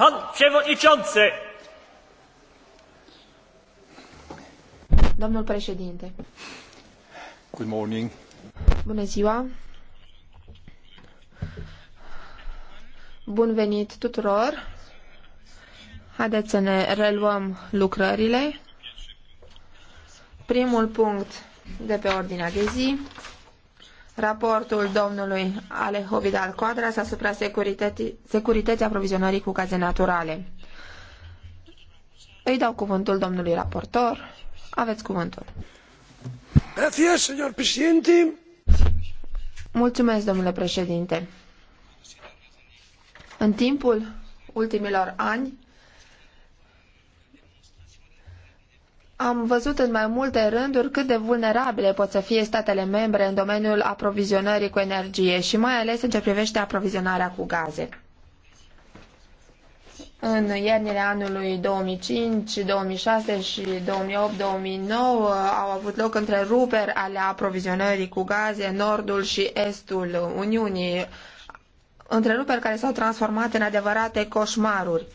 Pan Przewodniczący! Domnul președinte. Good morning. Bună ziua. Bun venit tuturor. Haideți să ne reluăm lucrările. Primul punct de pe ordinea de zi raportul domnului Alejo Vidal Quadras asupra securității, securității aprovizionării cu gaze naturale. Îi dau cuvântul domnului raportor. Aveți cuvântul. Gracias, señor presidente. Mulțumesc, domnule președinte. În timpul ultimilor ani, Am văzut în mai multe rânduri cât de vulnerabile pot să fie statele membre în domeniul aprovizionării cu energie și mai ales în ce privește aprovizionarea cu gaze. În iernile anului 2005, 2006 și 2008-2009 au avut loc întreruperi ale aprovizionării cu gaze în nordul și estul Uniunii, întreruperi care s-au transformat în adevărate coșmaruri.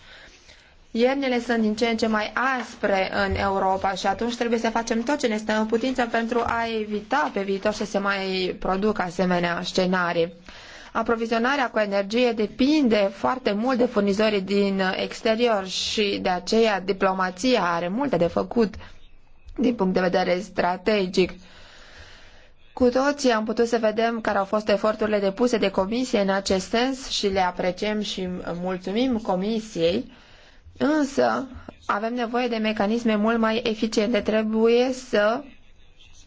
Iernile sunt din ce în ce mai aspre în Europa și atunci trebuie să facem tot ce ne stă în putință pentru a evita pe viitor să se mai producă asemenea scenarii. Aprovizionarea cu energie depinde foarte mult de furnizorii din exterior și de aceea diplomația are multe de făcut din punct de vedere strategic. Cu toții am putut să vedem care au fost eforturile depuse de comisie în acest sens și le apreciem și mulțumim comisiei Însă avem nevoie de mecanisme mult mai eficiente. Trebuie să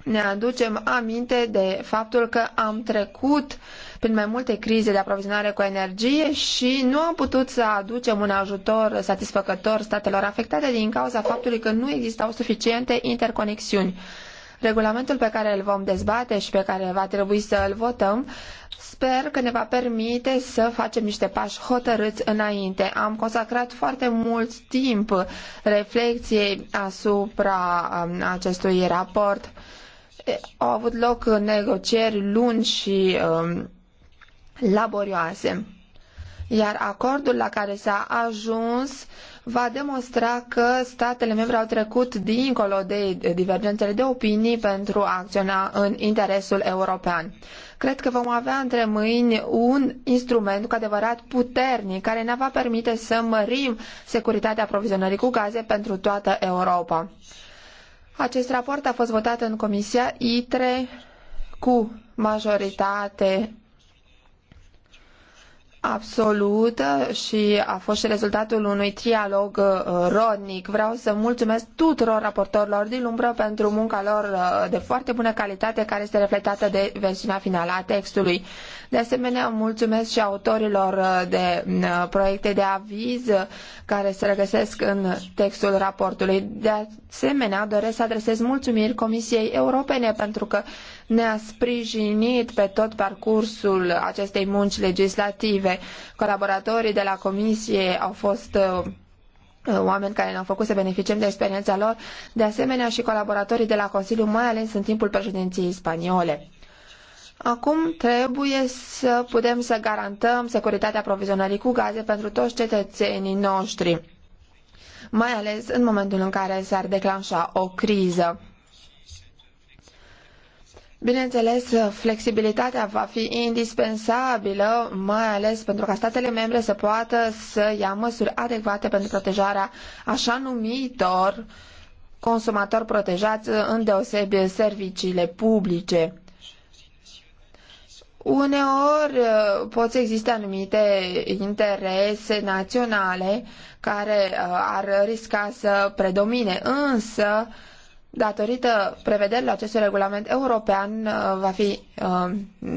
ne aducem aminte de faptul că am trecut prin mai multe crize de aprovizionare cu energie și nu am putut să aducem un ajutor satisfăcător statelor afectate din cauza faptului că nu existau suficiente interconexiuni. Regulamentul pe care îl vom dezbate și pe care va trebui să îl votăm Sper că ne va permite să facem niște pași hotărâți înainte. Am consacrat foarte mult timp reflecției asupra um, acestui raport. Au avut loc negocieri lungi și um, laborioase. Iar acordul la care s-a ajuns va demonstra că statele membre au trecut dincolo de divergențele de opinii pentru a acționa în interesul european cred că vom avea între mâini un instrument cu adevărat puternic care ne va permite să mărim securitatea aprovizionării cu gaze pentru toată Europa. Acest raport a fost votat în Comisia ITRE cu majoritate absolut și a fost și rezultatul unui trialog uh, rodnic. Vreau să mulțumesc tuturor raportorilor din umbră pentru munca lor uh, de foarte bună calitate care este reflectată de versiunea finală a textului. De asemenea, mulțumesc și autorilor uh, de proiecte de aviz care se regăsesc în textul raportului. De asemenea, doresc să adresez mulțumiri Comisiei Europene pentru că ne-a sprijinit pe tot parcursul acestei munci legislative respective. Colaboratorii de la comisie au fost uh, uh, oameni care ne-au făcut să beneficiem de experiența lor, de asemenea și colaboratorii de la Consiliu, mai ales în timpul președinției spaniole. Acum trebuie să putem să garantăm securitatea aprovizionării cu gaze pentru toți cetățenii noștri, mai ales în momentul în care s-ar declanșa o criză. Bineînțeles, flexibilitatea va fi indispensabilă, mai ales pentru ca statele membre să poată să ia măsuri adecvate pentru protejarea așa numitor consumatori protejați, deosebire serviciile publice. Uneori uh, pot să existe anumite interese naționale care uh, ar risca să predomine, însă datorită prevederilor acestui regulament european, uh, va fi uh,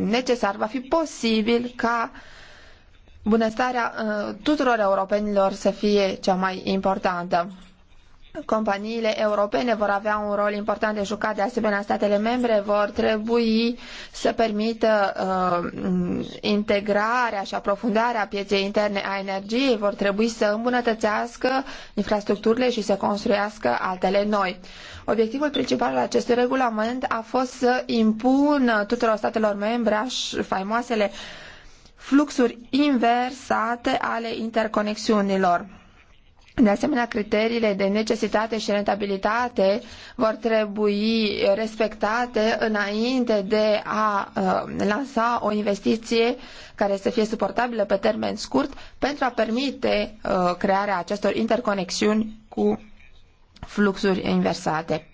necesar, va fi posibil ca bunăstarea uh, tuturor europenilor să fie cea mai importantă companiile europene vor avea un rol important de jucat, de asemenea statele membre vor trebui să permită uh, integrarea și aprofundarea pieței interne a energiei, vor trebui să îmbunătățească infrastructurile și să construiască altele noi. Obiectivul principal al acestui regulament a fost să impună tuturor statelor membre faimoasele fluxuri inversate ale interconexiunilor de asemenea, criteriile de necesitate și rentabilitate vor trebui respectate înainte de a uh, lansa o investiție care să fie suportabilă pe termen scurt pentru a permite uh, crearea acestor interconexiuni cu fluxuri inversate.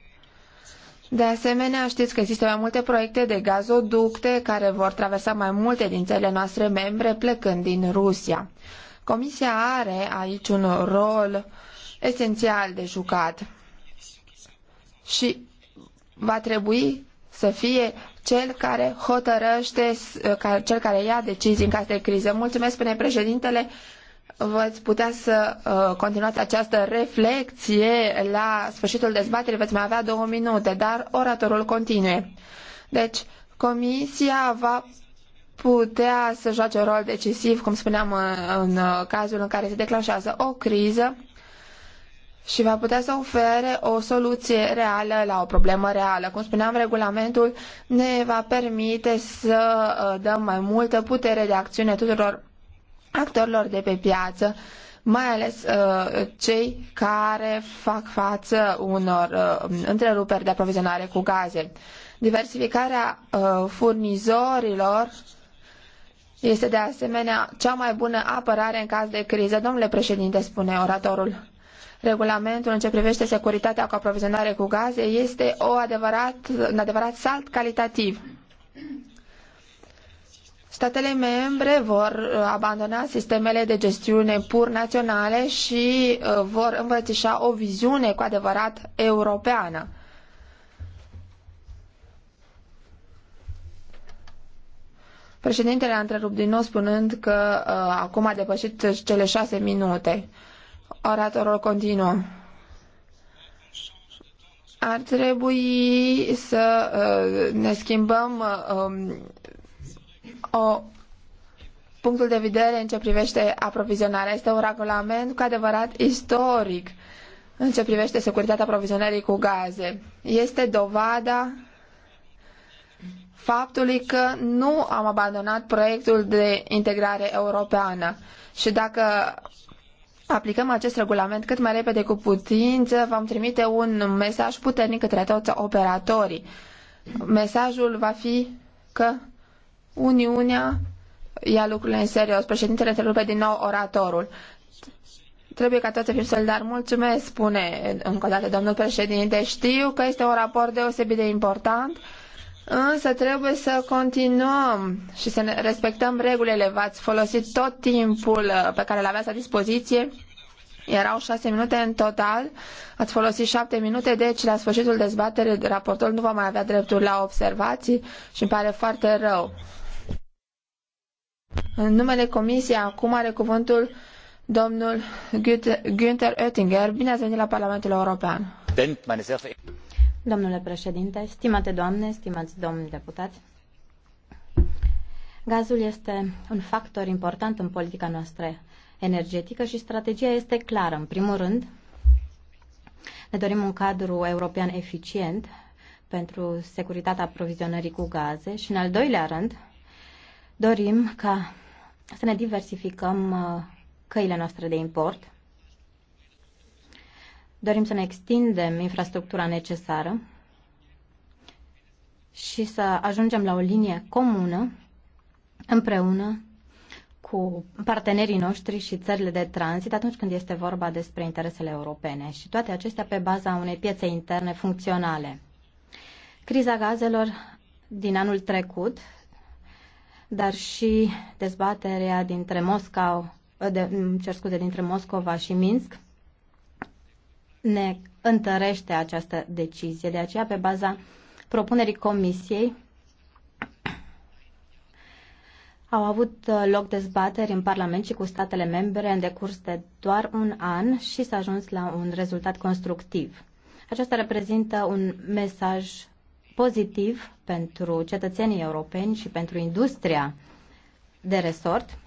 De asemenea, știți că există mai multe proiecte de gazoducte care vor traversa mai multe din țările noastre membre plecând din Rusia. Comisia are aici un rol esențial de jucat și va trebui să fie cel care hotărăște, cel care ia decizii în caz de criză. Mulțumesc, spune președintele, veți putea să uh, continuați această reflexie la sfârșitul dezbaterii, veți mai avea două minute, dar oratorul continue. Deci, Comisia va putea să joace un rol decisiv, cum spuneam, în, uh, cazul în care se declanșează o criză și va putea să ofere o soluție reală la o problemă reală. Cum spuneam, regulamentul ne va permite să uh, dăm mai multă putere de acțiune tuturor actorilor de pe piață, mai ales uh, cei care fac față unor uh, întreruperi de aprovizionare cu gaze. Diversificarea uh, furnizorilor este de asemenea cea mai bună apărare în caz de criză. Domnule președinte, spune oratorul, regulamentul în ce privește securitatea cu aprovizionare cu gaze este o adevărat, un adevărat salt calitativ. Statele membre vor uh, abandona sistemele de gestiune pur naționale și uh, vor îmbrățișa o viziune cu adevărat europeană. Președintele a întrerupt din nou spunând că uh, acum a depășit cele șase minute. Oratorul continuă. Ar trebui să uh, ne schimbăm uh, um, o punctul de vedere în ce privește aprovizionarea. Este un regulament cu adevărat istoric în ce privește securitatea aprovizionării cu gaze. Este dovada faptului că nu am abandonat proiectul de integrare europeană. Și dacă aplicăm acest regulament cât mai repede cu putință, vom trimite un mesaj puternic către toți operatorii. Mesajul va fi că Uniunea ia lucrurile în serios. Președintele întrerupe din nou oratorul. Trebuie ca toți să fim solidari. Mulțumesc, spune încă o dată domnul președinte. Știu că este un raport deosebit de important Însă trebuie să continuăm și să ne respectăm regulile. V-ați folosit tot timpul uh, pe care îl aveați la dispoziție. Erau șase minute în total, ați folosit șapte minute, deci la sfârșitul dezbaterii raportorul nu va mai avea dreptul la observații și îmi pare foarte rău. În numele comisiei acum are cuvântul domnul Günther Oettinger. Bine ați venit la Parlamentul European. Domnule președinte, stimate doamne, stimați domni deputați, gazul este un factor important în politica noastră energetică și strategia este clară. În primul rând, ne dorim un cadru european eficient pentru securitatea aprovizionării cu gaze și, în al doilea rând, dorim ca să ne diversificăm uh, căile noastre de import Dorim să ne extindem infrastructura necesară și să ajungem la o linie comună împreună cu partenerii noștri și țările de tranzit atunci când este vorba despre interesele europene și toate acestea pe baza unei piețe interne funcționale. Criza gazelor din anul trecut, dar și dezbaterea dintre Moscova, de, cer scuze, dintre Moscova și Minsk ne întărește această decizie. De aceea, pe baza propunerii Comisiei, au avut uh, loc dezbateri în Parlament și cu statele membre în decurs de doar un an și s-a ajuns la un rezultat constructiv. Aceasta reprezintă un mesaj pozitiv pentru cetățenii europeni și pentru industria de resort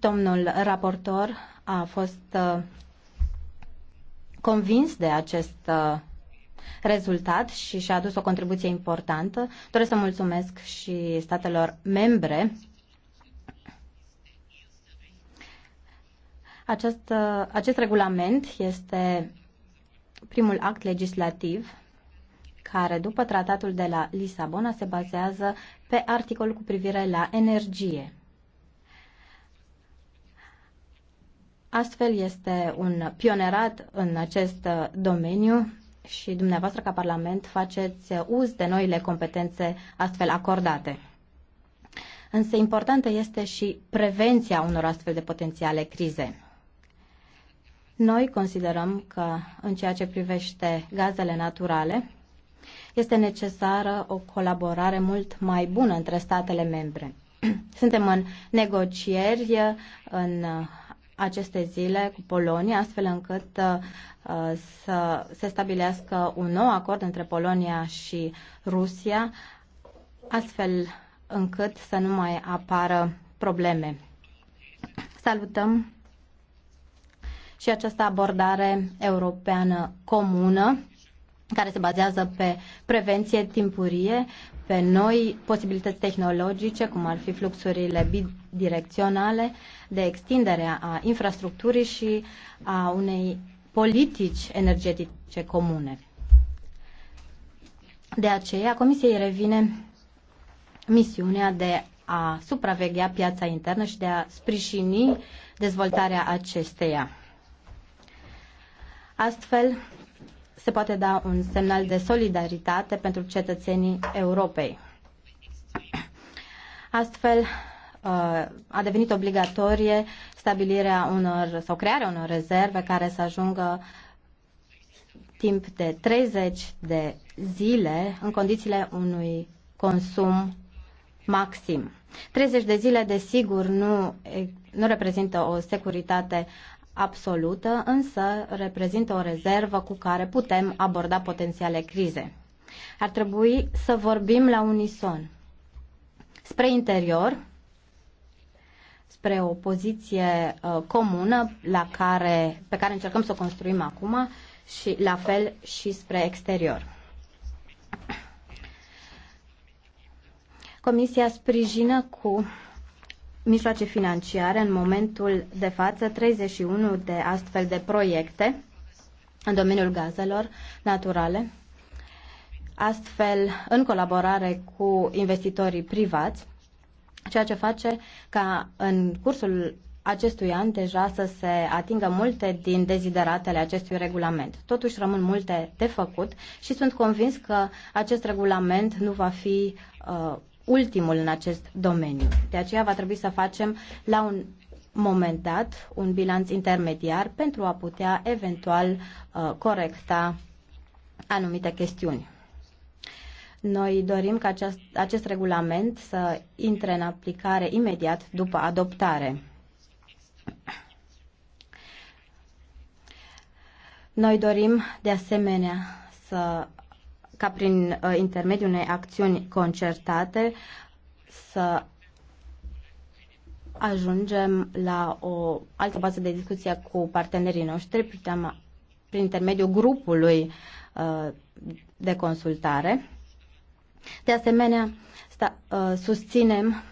Domnul raportor a fost uh, convins de acest uh, rezultat și și-a adus o contribuție importantă. Doresc să mulțumesc și statelor membre. Acest, uh, acest regulament este primul act legislativ care, după tratatul de la Lisabona, se bazează pe articolul cu privire la energie. Astfel este un pionerat în acest domeniu și dumneavoastră ca Parlament faceți uz de noile competențe astfel acordate. Însă importantă este și prevenția unor astfel de potențiale crize. Noi considerăm că în ceea ce privește gazele naturale este necesară o colaborare mult mai bună între statele membre. Suntem în negocieri în aceste zile cu Polonia, astfel încât uh, să se stabilească un nou acord între Polonia și Rusia, astfel încât să nu mai apară probleme. Salutăm și această abordare europeană comună care se bazează pe prevenție timpurie, pe noi posibilități tehnologice, cum ar fi fluxurile bidirecționale, de extindere a infrastructurii și a unei politici energetice comune. De aceea, Comisiei revine misiunea de a supraveghea piața internă și de a sprijini dezvoltarea acesteia. Astfel, se poate da un semnal de solidaritate pentru cetățenii Europei. Astfel, uh, a devenit obligatorie stabilirea unor sau crearea unor rezerve care să ajungă timp de 30 de zile în condițiile unui consum maxim. 30 de zile, desigur, nu, nu reprezintă o securitate absolută, însă reprezintă o rezervă cu care putem aborda potențiale crize. Ar trebui să vorbim la unison. Spre interior, spre o poziție uh, comună la care, pe care încercăm să o construim acum și la fel și spre exterior. Comisia sprijină cu mijloace financiare în momentul de față 31 de astfel de proiecte în domeniul gazelor naturale, astfel în colaborare cu investitorii privați, ceea ce face ca în cursul acestui an deja să se atingă multe din dezideratele acestui regulament. Totuși rămân multe de făcut și sunt convins că acest regulament nu va fi uh, ultimul în acest domeniu. De aceea va trebui să facem la un moment dat un bilanț intermediar pentru a putea eventual uh, corecta anumite chestiuni. Noi dorim ca acest, acest regulament să intre în aplicare imediat după adoptare. Noi dorim de asemenea să ca prin uh, intermediul unei acțiuni concertate să ajungem la o altă bază de discuție cu partenerii noștri prin, prin intermediul grupului uh, de consultare. De asemenea, sta, uh, susținem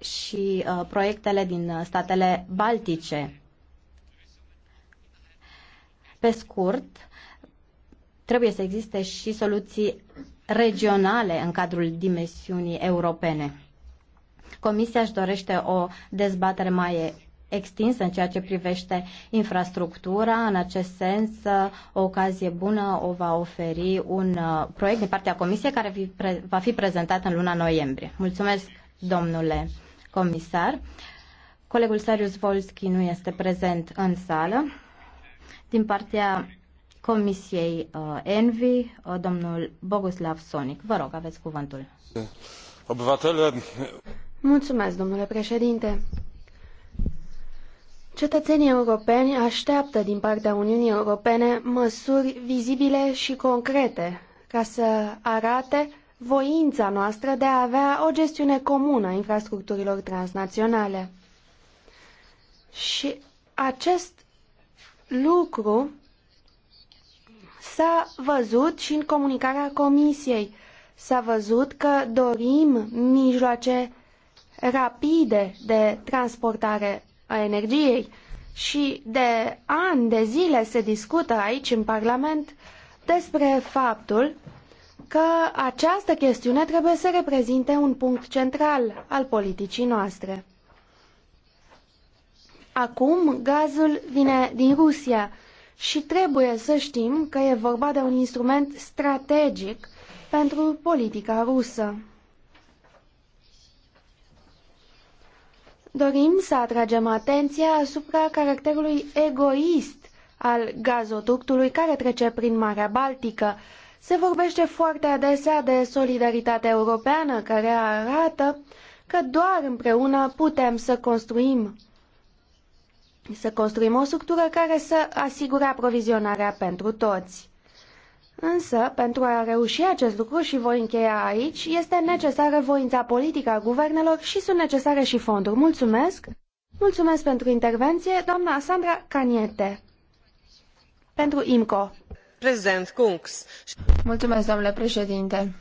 și proiectele din statele baltice. Pe scurt, trebuie să existe și soluții regionale în cadrul dimensiunii europene. Comisia își dorește o dezbatere mai extinsă în ceea ce privește infrastructura. În acest sens, o ocazie bună o va oferi un uh, proiect din partea Comisiei care va fi prezentat în luna noiembrie. Mulțumesc, domnule comisar. Colegul Sarius Volski nu este prezent în sală. Din partea Comisiei uh, Envi, uh, domnul Boguslav Sonic. Vă rog, aveți cuvântul. Obywatele... Mulțumesc, domnule președinte. Cetățenii europeni așteaptă din partea Uniunii Europene măsuri vizibile și concrete ca să arate voința noastră de a avea o gestiune comună a infrastructurilor transnaționale. Și acest lucru S-a văzut și în comunicarea Comisiei, s-a văzut că dorim mijloace rapide de transportare a energiei și de ani de zile se discută aici în Parlament despre faptul că această chestiune trebuie să reprezinte un punct central al politicii noastre. Acum gazul vine din Rusia și trebuie să știm că e vorba de un instrument strategic pentru politica rusă. Dorim să atragem atenția asupra caracterului egoist al gazoductului care trece prin Marea Baltică. Se vorbește foarte adesea de solidaritatea europeană care arată că doar împreună putem să construim să construim o structură care să asigure aprovizionarea pentru toți. Însă, pentru a reuși acest lucru și voi încheia aici, este necesară voința politică a guvernelor și sunt necesare și fonduri. Mulțumesc! Mulțumesc pentru intervenție, doamna Sandra Caniete. Pentru IMCO. Prezent, Kungs. Mulțumesc, domnule președinte.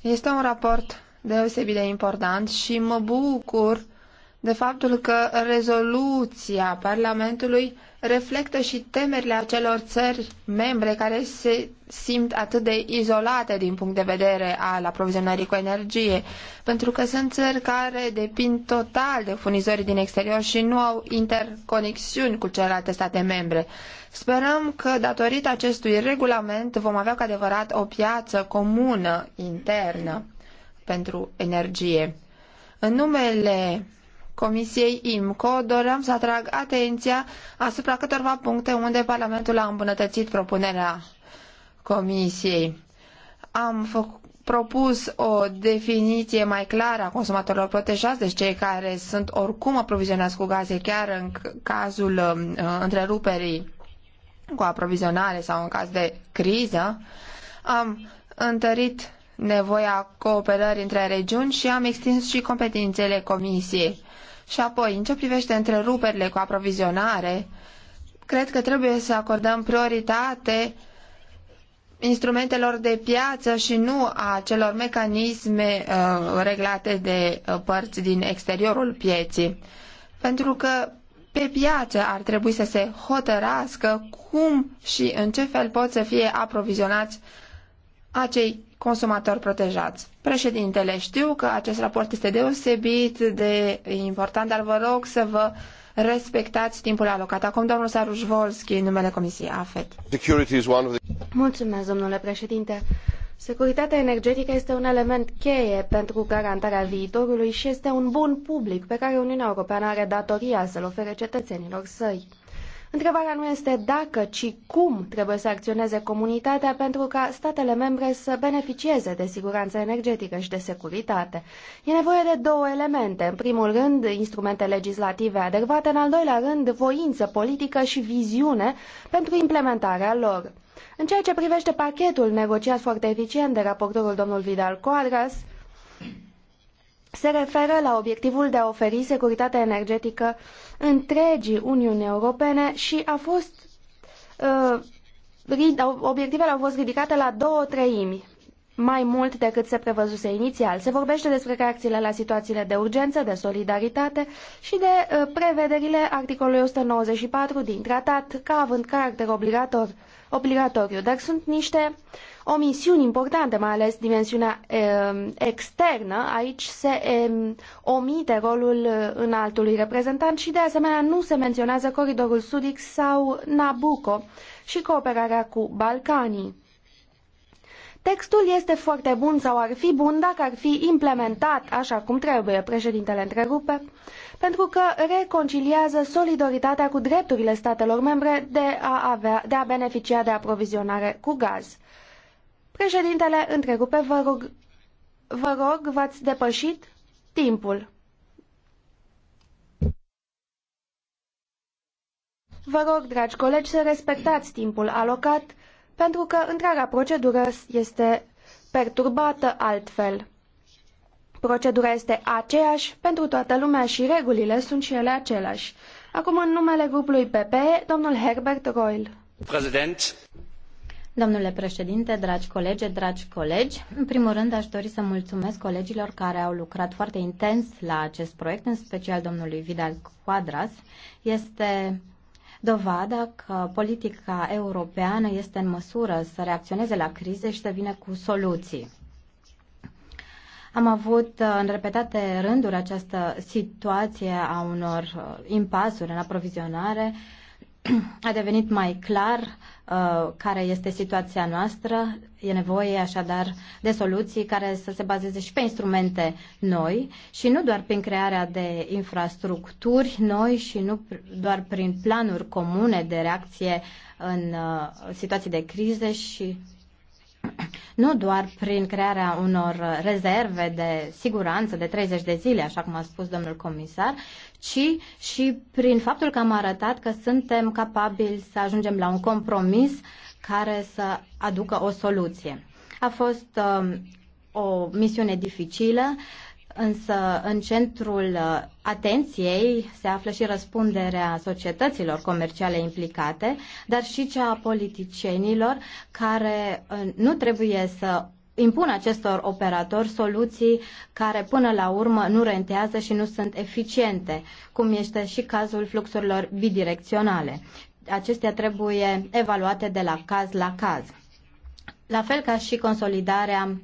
Este un raport deosebit de important și mă bucur de faptul că rezoluția Parlamentului reflectă și temerile acelor țări membre care se simt atât de izolate din punct de vedere al aprovizionării cu energie, pentru că sunt țări care depind total de furnizorii din exterior și nu au interconexiuni cu celelalte state membre. Sperăm că datorită acestui regulament vom avea cu adevărat o piață comună internă pentru energie. În numele Comisiei IMCO, doream să atrag atenția asupra câtorva puncte unde Parlamentul a îmbunătățit propunerea Comisiei. Am făcut propus o definiție mai clară a consumatorilor protejați, deci cei care sunt oricum aprovizionați cu gaze, chiar în cazul um, uh, întreruperii cu aprovizionare sau în caz de criză. Am întărit nevoia cooperării între regiuni și am extins și competențele comisiei. Și apoi, în ce privește întreruperile cu aprovizionare, cred că trebuie să acordăm prioritate instrumentelor de piață și nu a celor mecanisme uh, reglate de uh, părți din exteriorul pieții. Pentru că pe piață ar trebui să se hotărască cum și în ce fel pot să fie aprovizionați acei consumatori protejați. Președintele, știu că acest raport este deosebit de important, dar vă rog să vă respectați timpul alocat. Acum domnul Saruș Volski, în numele Comisiei AFET. Mulțumesc, domnule președinte. Securitatea energetică este un element cheie pentru garantarea viitorului și este un bun public pe care Uniunea Europeană are datoria să-l ofere cetățenilor săi. Întrebarea nu este dacă, ci cum trebuie să acționeze comunitatea pentru ca statele membre să beneficieze de siguranță energetică și de securitate. E nevoie de două elemente. În primul rând, instrumente legislative adecvate, în al doilea rând, voință politică și viziune pentru implementarea lor. În ceea ce privește pachetul negociat foarte eficient de raportorul domnul Vidal Coadras, se referă la obiectivul de a oferi securitate energetică întregii Uniuni Europene și a fost uh, obiectivele au fost ridicate la două treimi mai mult decât se prevăzuse inițial. Se vorbește despre reacțiile la situațiile de urgență, de solidaritate și de uh, prevederile articolului 194 din tratat ca având caracter obligator, obligatoriu, dar sunt niște uh, o misiune importantă, mai ales dimensiunea ehm, externă. Aici se ehm, omite rolul eh, înaltului reprezentant și de asemenea nu se menționează coridorul sudic sau Nabucco și cooperarea cu Balcanii. Textul este foarte bun sau ar fi bun dacă ar fi implementat așa cum trebuie, președintele întrerupe, pentru că reconciliază solidaritatea cu drepturile statelor membre de a, avea, de a beneficia de aprovizionare cu gaz. Președintele, întrerupe, vă rog, vă rog, v-ați depășit timpul. Vă rog, dragi colegi, să respectați timpul alocat, pentru că întreaga procedură este perturbată altfel. Procedura este aceeași pentru toată lumea și regulile sunt și ele aceleași. Acum, în numele grupului PPE, domnul Herbert Royle. Președinte. Domnule președinte, dragi colegi, dragi colegi, în primul rând aș dori să mulțumesc colegilor care au lucrat foarte intens la acest proiect, în special domnului Vidal Quadras. Este dovada că politica europeană este în măsură să reacționeze la crize și să vină cu soluții. Am avut uh, în repetate rânduri această situație a unor uh, impasuri în aprovizionare. A devenit mai clar Uh, care este situația noastră. E nevoie așadar de soluții care să se bazeze și pe instrumente noi și nu doar prin crearea de infrastructuri noi și nu doar prin planuri comune de reacție în uh, situații de crize și nu doar prin crearea unor rezerve de siguranță de 30 de zile, așa cum a spus domnul comisar, ci și prin faptul că am arătat că suntem capabili să ajungem la un compromis care să aducă o soluție. A fost um, o misiune dificilă Însă, în centrul uh, atenției se află și răspunderea societăților comerciale implicate, dar și cea a politicienilor care uh, nu trebuie să impun acestor operatori soluții care până la urmă nu rentează și nu sunt eficiente, cum este și cazul fluxurilor bidirecționale. Acestea trebuie evaluate de la caz la caz. La fel ca și consolidarea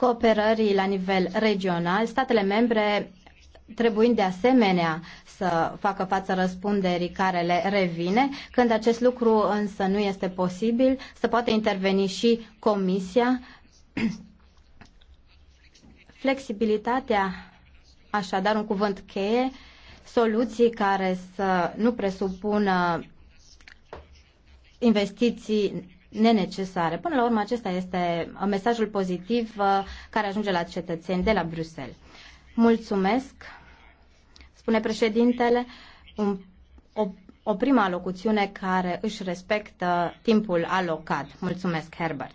cooperării la nivel regional, statele membre trebuind de asemenea să facă față răspunderii care le revine. Când acest lucru însă nu este posibil, să poate interveni și Comisia. Flexibilitatea, așadar un cuvânt cheie, soluții care să nu presupună investiții nenecesare. Până la urmă, acesta este uh, mesajul pozitiv uh, care ajunge la cetățeni de la Bruxelles. Mulțumesc, spune președintele, un, o, o prima locuțiune care își respectă timpul alocat. Mulțumesc, Herbert.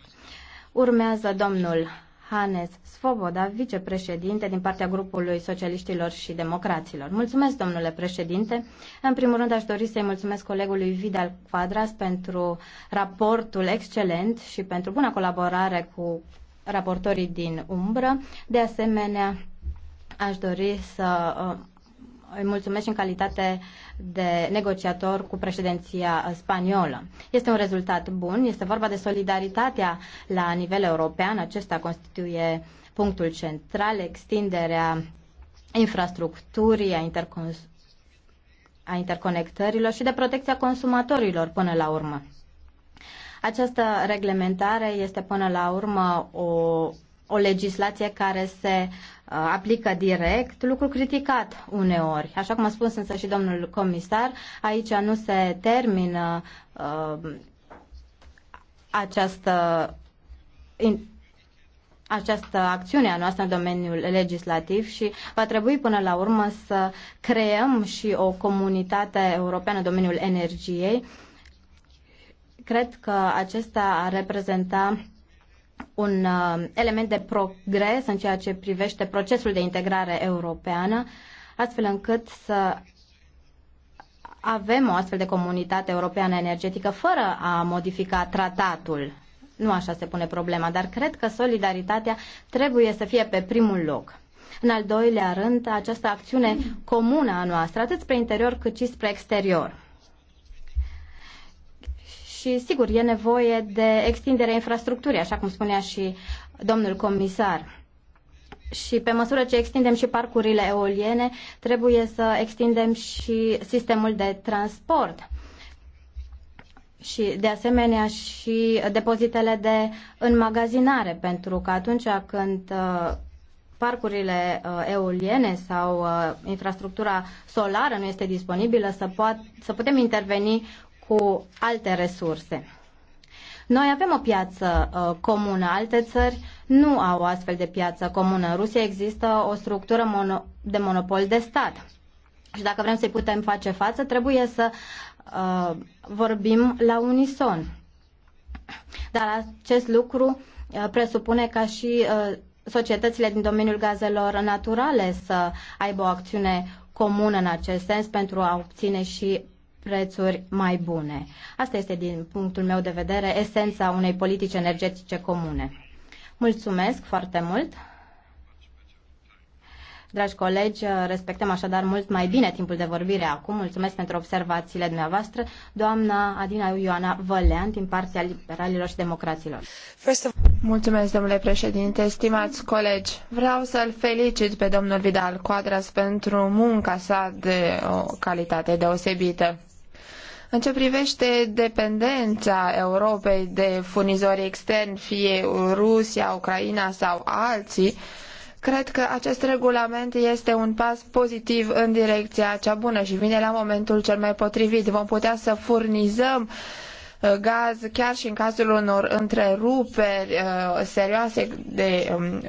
Urmează domnul Hannes Svoboda, vicepreședinte din partea grupului socialiștilor și democraților. Mulțumesc, domnule președinte. În primul rând, aș dori să-i mulțumesc colegului Vidal Quadras pentru raportul excelent și pentru buna colaborare cu raportorii din umbră. De asemenea, aș dori să uh, îi mulțumesc în calitate de negociator cu președinția spaniolă. Este un rezultat bun, este vorba de solidaritatea la nivel european, acesta constituie punctul central, extinderea infrastructurii, a, intercon- a interconectărilor și de protecția consumatorilor până la urmă. Această reglementare este până la urmă o, o legislație care se Uh, aplică direct, lucru criticat uneori. Așa cum a spus însă și domnul comisar, aici nu se termină uh, această, in, această acțiune a noastră în domeniul legislativ și va trebui până la urmă să creăm și o comunitate europeană în domeniul energiei. Cred că acesta ar reprezenta un uh, element de progres în ceea ce privește procesul de integrare europeană, astfel încât să avem o astfel de comunitate europeană energetică fără a modifica tratatul. Nu așa se pune problema, dar cred că solidaritatea trebuie să fie pe primul loc. În al doilea rând, această acțiune comună a noastră, atât spre interior cât și spre exterior și sigur e nevoie de extinderea infrastructurii, așa cum spunea și domnul comisar. Și pe măsură ce extindem și parcurile eoliene, trebuie să extindem și sistemul de transport și de asemenea și depozitele de înmagazinare, pentru că atunci când uh, parcurile uh, eoliene sau uh, infrastructura solară nu este disponibilă, să, poat, să putem interveni cu alte resurse. Noi avem o piață uh, comună, alte țări nu au astfel de piață comună. În Rusia există o structură mono- de monopol de stat. Și dacă vrem să-i putem face față, trebuie să uh, vorbim la unison. Dar acest lucru uh, presupune ca și uh, societățile din domeniul gazelor naturale să aibă o acțiune comună în acest sens pentru a obține și prețuri mai bune. Asta este, din punctul meu de vedere, esența unei politici energetice comune. Mulțumesc foarte mult! Dragi colegi, respectăm așadar mult mai bine timpul de vorbire acum. Mulțumesc pentru observațiile dumneavoastră. Doamna Adina Ioana Vălean, din partea Liberalilor și Democraților. Mulțumesc, domnule președinte, stimați colegi. Vreau să-l felicit pe domnul Vidal Coadras pentru munca sa de o calitate deosebită. În ce privește dependența Europei de furnizori externi, fie Rusia, Ucraina sau alții, Cred că acest regulament este un pas pozitiv în direcția cea bună și vine la momentul cel mai potrivit. Vom putea să furnizăm uh, gaz chiar și în cazul unor întreruperi uh, serioase de um,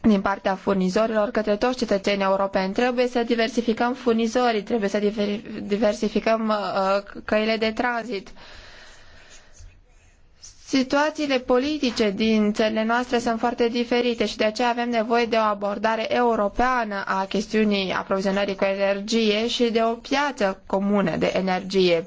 din partea furnizorilor către toți cetățenii europeni. Trebuie să diversificăm furnizorii, trebuie să diversificăm uh, căile de tranzit. Situațiile politice din țările noastre sunt foarte diferite și de aceea avem nevoie de o abordare europeană a chestiunii aprovizionării cu energie și de o piață comună de energie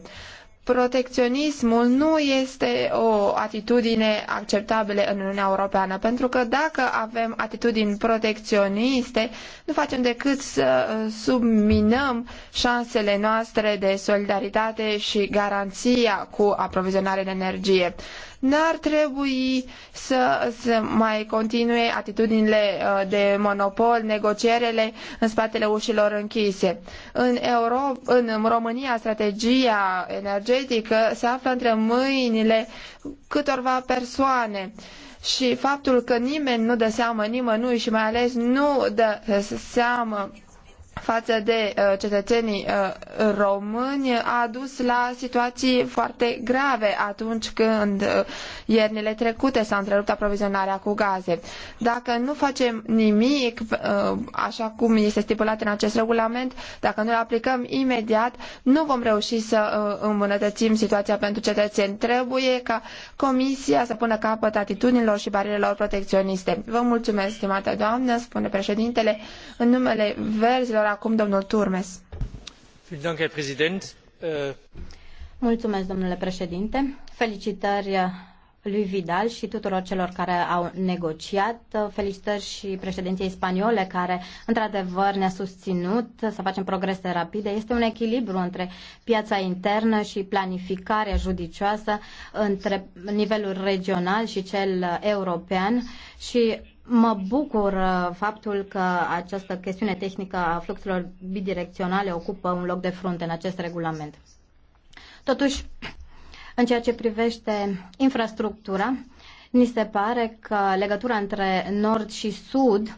protecționismul nu este o atitudine acceptabilă în Uniunea Europeană, pentru că dacă avem atitudini protecționiste, nu facem decât să uh, subminăm șansele noastre de solidaritate și garanția cu aprovizionare de energie. N-ar trebui să, să mai continue atitudinile uh, de monopol, negocierele în spatele ușilor închise. În, Europa, în România, strategia energetică sovietică se află între mâinile câtorva persoane și faptul că nimeni nu dă seamă nimănui și mai ales nu dă seamă față de uh, cetățenii uh, români a dus la situații foarte grave atunci când uh, iernile trecute s-a întrerupt aprovizionarea cu gaze. Dacă nu facem nimic, așa cum este stipulat în acest regulament, dacă nu-l aplicăm imediat, nu vom reuși să îmbunătățim situația pentru cetățeni. Trebuie ca Comisia să pună capăt atitudinilor și barierelor protecționiste. Vă mulțumesc, stimată doamnă, spune președintele, în numele verzilor acum domnul Turmes. Äh, Mulțumesc, domnule președinte. Felicitări lui Vidal și tuturor celor care au negociat. Felicitări și președinției spaniole care, într-adevăr, ne-a susținut să facem progrese rapide. Este un echilibru între piața internă și planificarea judicioasă între nivelul regional și cel european și Mă bucur uh, faptul că această chestiune tehnică a fluxurilor bidirecționale ocupă un loc de frunte în acest regulament. Totuși, în ceea ce privește infrastructura, ni se pare că legătura între nord și sud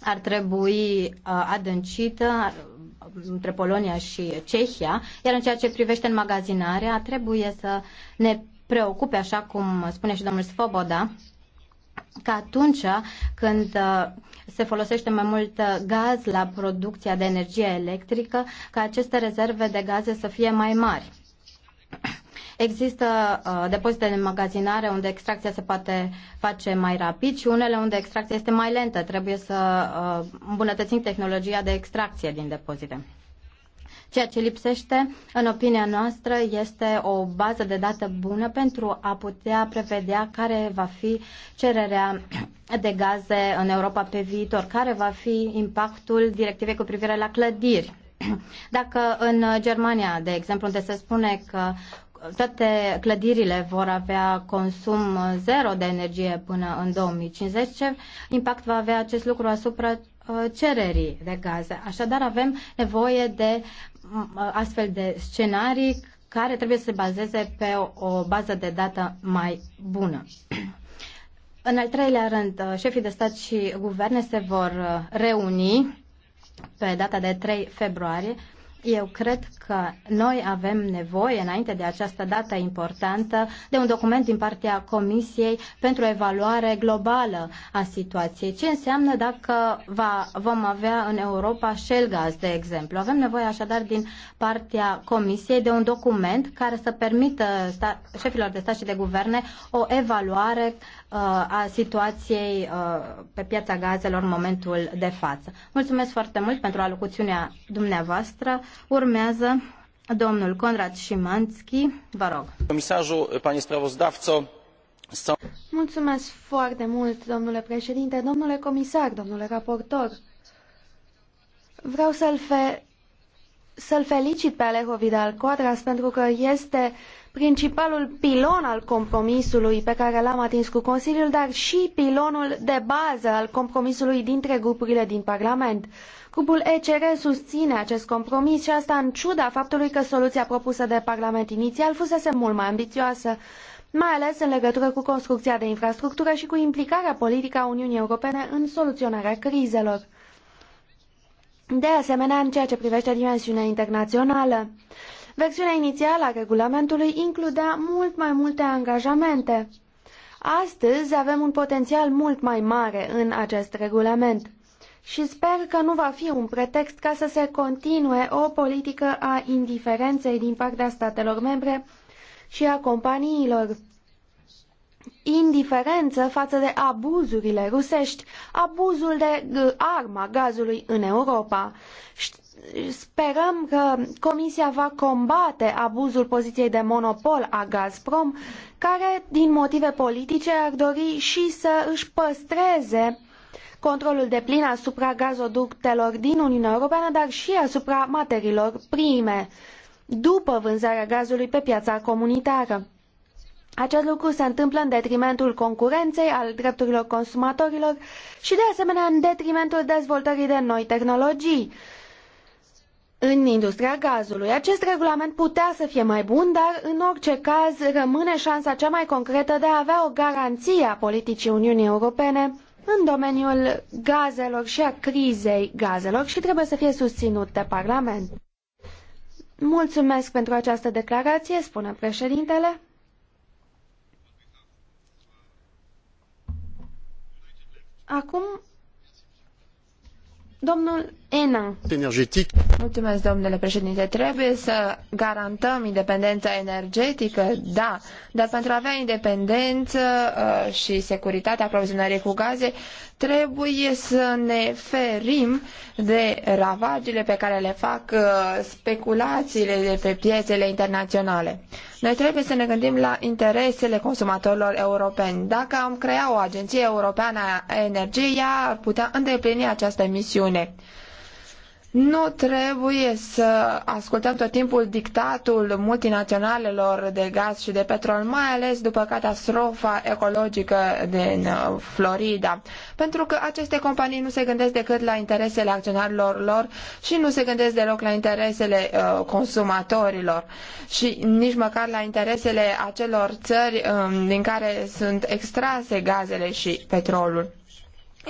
ar trebui uh, adâncită între Polonia și Cehia, iar în ceea ce privește înmagazinarea, trebuie să ne preocupe, așa cum spune și domnul Svoboda, că atunci când uh, se folosește mai mult uh, gaz la producția de energie electrică, ca aceste rezerve de gaze să fie mai mari. Există uh, depozite de magazinare unde extracția se poate face mai rapid și unele unde extracția este mai lentă. Trebuie să uh, îmbunătățim tehnologia de extracție din depozite. Ceea ce lipsește, în opinia noastră, este o bază de dată bună pentru a putea prevedea care va fi cererea de gaze în Europa pe viitor, care va fi impactul directivei cu privire la clădiri. Dacă în Germania, de exemplu, unde se spune că toate clădirile vor avea consum zero de energie până în 2050, impact va avea acest lucru asupra uh, cererii de gaze. Așadar, avem nevoie de astfel de scenarii care trebuie să se bazeze pe o, o bază de dată mai bună. În al treilea rând, șefii de stat și guverne se vor uh, reuni pe data de 3 februarie eu cred că noi avem nevoie, înainte de această dată importantă, de un document din partea Comisiei pentru o evaluare globală a situației. Ce înseamnă dacă va, vom avea în Europa Shell Gas, de exemplu? Avem nevoie așadar din partea Comisiei de un document care să permită sta- șefilor de stat și de guverne o evaluare uh, a situației uh, pe piața gazelor în momentul de față. Mulțumesc foarte mult pentru alocuțiunea dumneavoastră. Urmează domnul Konrad Szymanski. Vă rog. Comisarul, pani sprawozdawco, Mulțumesc foarte mult, domnule președinte, domnule comisar, domnule raportor. Vreau să-l fe să-l felicit pe Alejo Vidal Quadras pentru că este principalul pilon al compromisului pe care l-am atins cu Consiliul, dar și pilonul de bază al compromisului dintre grupurile din Parlament. Grupul ECR susține acest compromis și asta în ciuda faptului că soluția propusă de Parlament inițial fusese mult mai ambițioasă, mai ales în legătură cu construcția de infrastructură și cu implicarea politică a Uniunii Europene în soluționarea crizelor. De asemenea, în ceea ce privește dimensiunea internațională, versiunea inițială a regulamentului includea mult mai multe angajamente. Astăzi avem un potențial mult mai mare în acest regulament și sper că nu va fi un pretext ca să se continue o politică a indiferenței din partea statelor membre și a companiilor. Indiferență față de abuzurile rusești, abuzul de arma gazului în Europa. Sperăm că Comisia va combate abuzul poziției de monopol a Gazprom, care, din motive politice, ar dori și să își păstreze controlul de plin asupra gazoductelor din Uniunea Europeană, dar și asupra materiilor prime, după vânzarea gazului pe piața comunitară. Acest lucru se întâmplă în detrimentul concurenței, al drepturilor consumatorilor și, de asemenea, în detrimentul dezvoltării de noi tehnologii în industria gazului. Acest regulament putea să fie mai bun, dar în orice caz rămâne șansa cea mai concretă de a avea o garanție a politicii Uniunii Europene în domeniul gazelor și a crizei gazelor și trebuie să fie susținut de Parlament. Mulțumesc pentru această declarație, spune președintele. Acum, domnul Trebuie să garantăm independența energetică, da, dar pentru a avea independență uh, și securitatea aprovizionării cu gaze, trebuie să ne ferim de ravagile pe care le fac uh, speculațiile de pe piețele internaționale. Noi trebuie să ne gândim la interesele consumatorilor europeni. Dacă am crea o agenție europeană a energiei, ea ar putea îndeplini această misiune. Nu trebuie să ascultăm tot timpul dictatul multinaționalelor de gaz și de petrol, mai ales după catastrofa ecologică din uh, Florida, pentru că aceste companii nu se gândesc decât la interesele acționarilor lor și nu se gândesc deloc la interesele uh, consumatorilor și nici măcar la interesele acelor țări um, din care sunt extrase gazele și petrolul.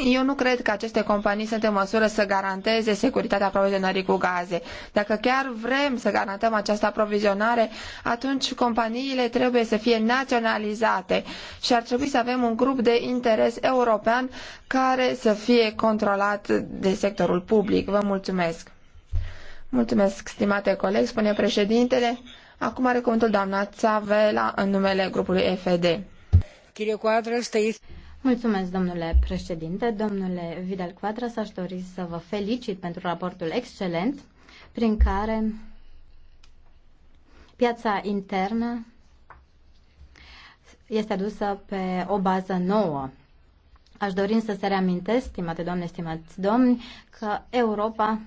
Eu nu cred că aceste companii sunt în măsură să garanteze securitatea aprovizionării cu gaze. Dacă chiar vrem să garantăm această aprovizionare, atunci companiile trebuie să fie naționalizate și ar trebui să avem un grup de interes european care să fie controlat de sectorul public. Vă mulțumesc! Mulțumesc, stimate coleg, spune președintele. Acum are cuvântul doamna Țavela în numele grupului FD. Mulțumesc, domnule președinte. Domnule Vidal Quadras, aș dori să vă felicit pentru raportul excelent prin care piața internă este adusă pe o bază nouă. Aș dori să se reamintesc, stimate doamne, stimați domni, că Europa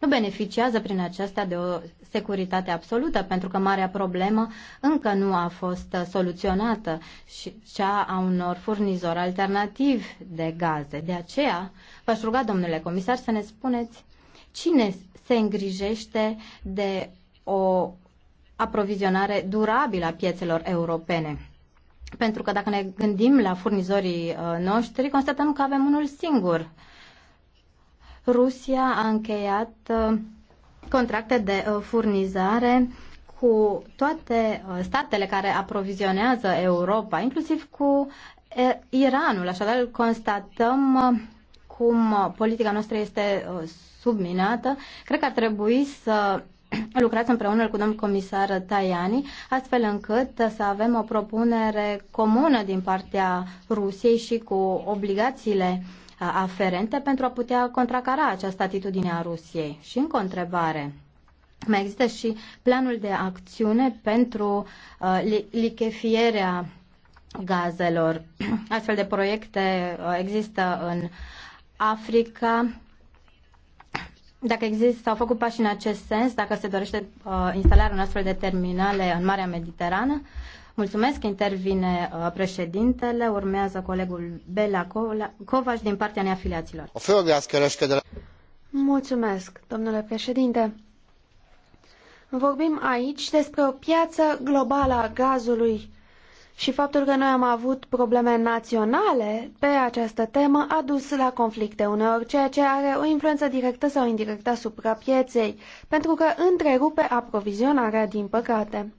nu beneficiază prin aceasta de o securitate absolută, pentru că marea problemă încă nu a fost soluționată și cea a unor furnizori alternativi de gaze. De aceea, v-aș ruga, domnule comisar, să ne spuneți cine se îngrijește de o aprovizionare durabilă a piețelor europene. Pentru că dacă ne gândim la furnizorii uh, noștri, constatăm că avem unul singur. Rusia a încheiat uh, contracte de uh, furnizare cu toate uh, statele care aprovizionează Europa, inclusiv cu uh, Iranul. Așadar, constatăm cum politica noastră este subminată. Cred că ar trebui să lucrați împreună cu domnul comisar Tajani, astfel încât să avem o propunere comună din partea Rusiei și cu obligațiile aferente pentru a putea contracara această atitudine a Rusiei. Și încă o întrebare. Mai există și planul de acțiune pentru uh, lichefierea gazelor. Astfel de proiecte uh, există în Africa. Dacă există, s-au făcut pași în acest sens, dacă se dorește uh, instalarea unor astfel de terminale în Marea Mediterană Mulțumesc, intervine uh, președintele, urmează colegul Bela Covaș din partea neafiliaților. Mulțumesc, domnule președinte. Vorbim aici despre o piață globală a gazului și faptul că noi am avut probleme naționale pe această temă a dus la conflicte uneori, ceea ce are o influență directă sau indirectă asupra pieței, pentru că întrerupe aprovizionarea, din păcate.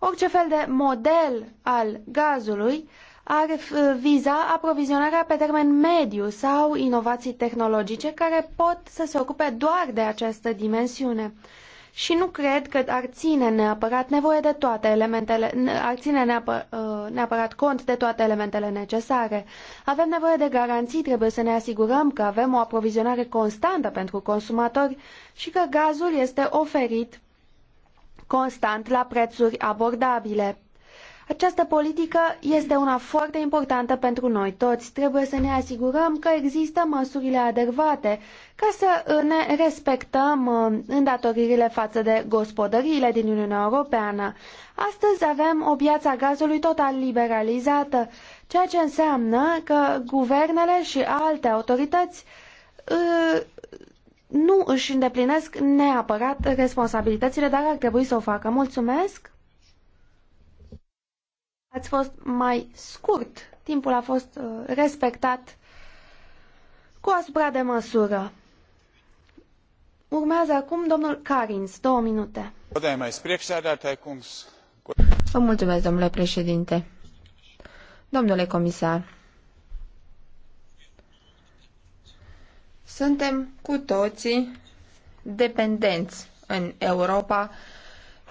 Orice fel de model al gazului ar viza aprovizionarea pe termen mediu sau inovații tehnologice care pot să se ocupe doar de această dimensiune. Și nu cred că ar ține neapărat nevoie de toate elementele, ar ține neapă, uh, neapărat cont de toate elementele necesare. Avem nevoie de garanții, trebuie să ne asigurăm că avem o aprovizionare constantă pentru consumatori și că gazul este oferit constant la prețuri abordabile. Această politică este una foarte importantă pentru noi toți. Trebuie să ne asigurăm că există măsurile adecvate ca să ne respectăm uh, îndatoririle față de gospodăriile din Uniunea Europeană. Astăzi avem o piață a gazului total liberalizată, ceea ce înseamnă că guvernele și alte autorități uh, nu își îndeplinesc neapărat responsabilitățile, dar ar trebui să o facă. Mulțumesc! Ați fost mai scurt, timpul a fost uh, respectat cu asupra de măsură. Urmează acum domnul Carins, două minute. Vă mulțumesc, domnule președinte. Domnule comisar, Suntem cu toții dependenți în Europa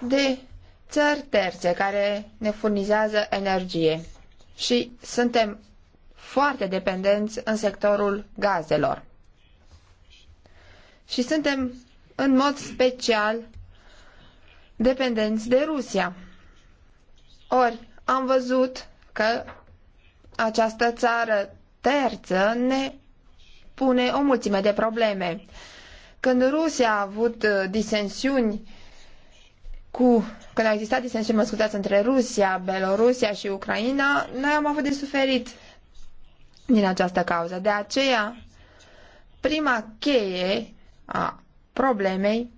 de țări terțe care ne furnizează energie și suntem foarte dependenți în sectorul gazelor. Și suntem în mod special dependenți de Rusia. Ori am văzut că această țară terță ne pune o mulțime de probleme. Când Rusia a avut uh, disensiuni cu, când au existat disensiuni, mă scuzați, între Rusia, Belorusia și Ucraina, noi am avut de suferit din această cauză. De aceea, prima cheie a problemei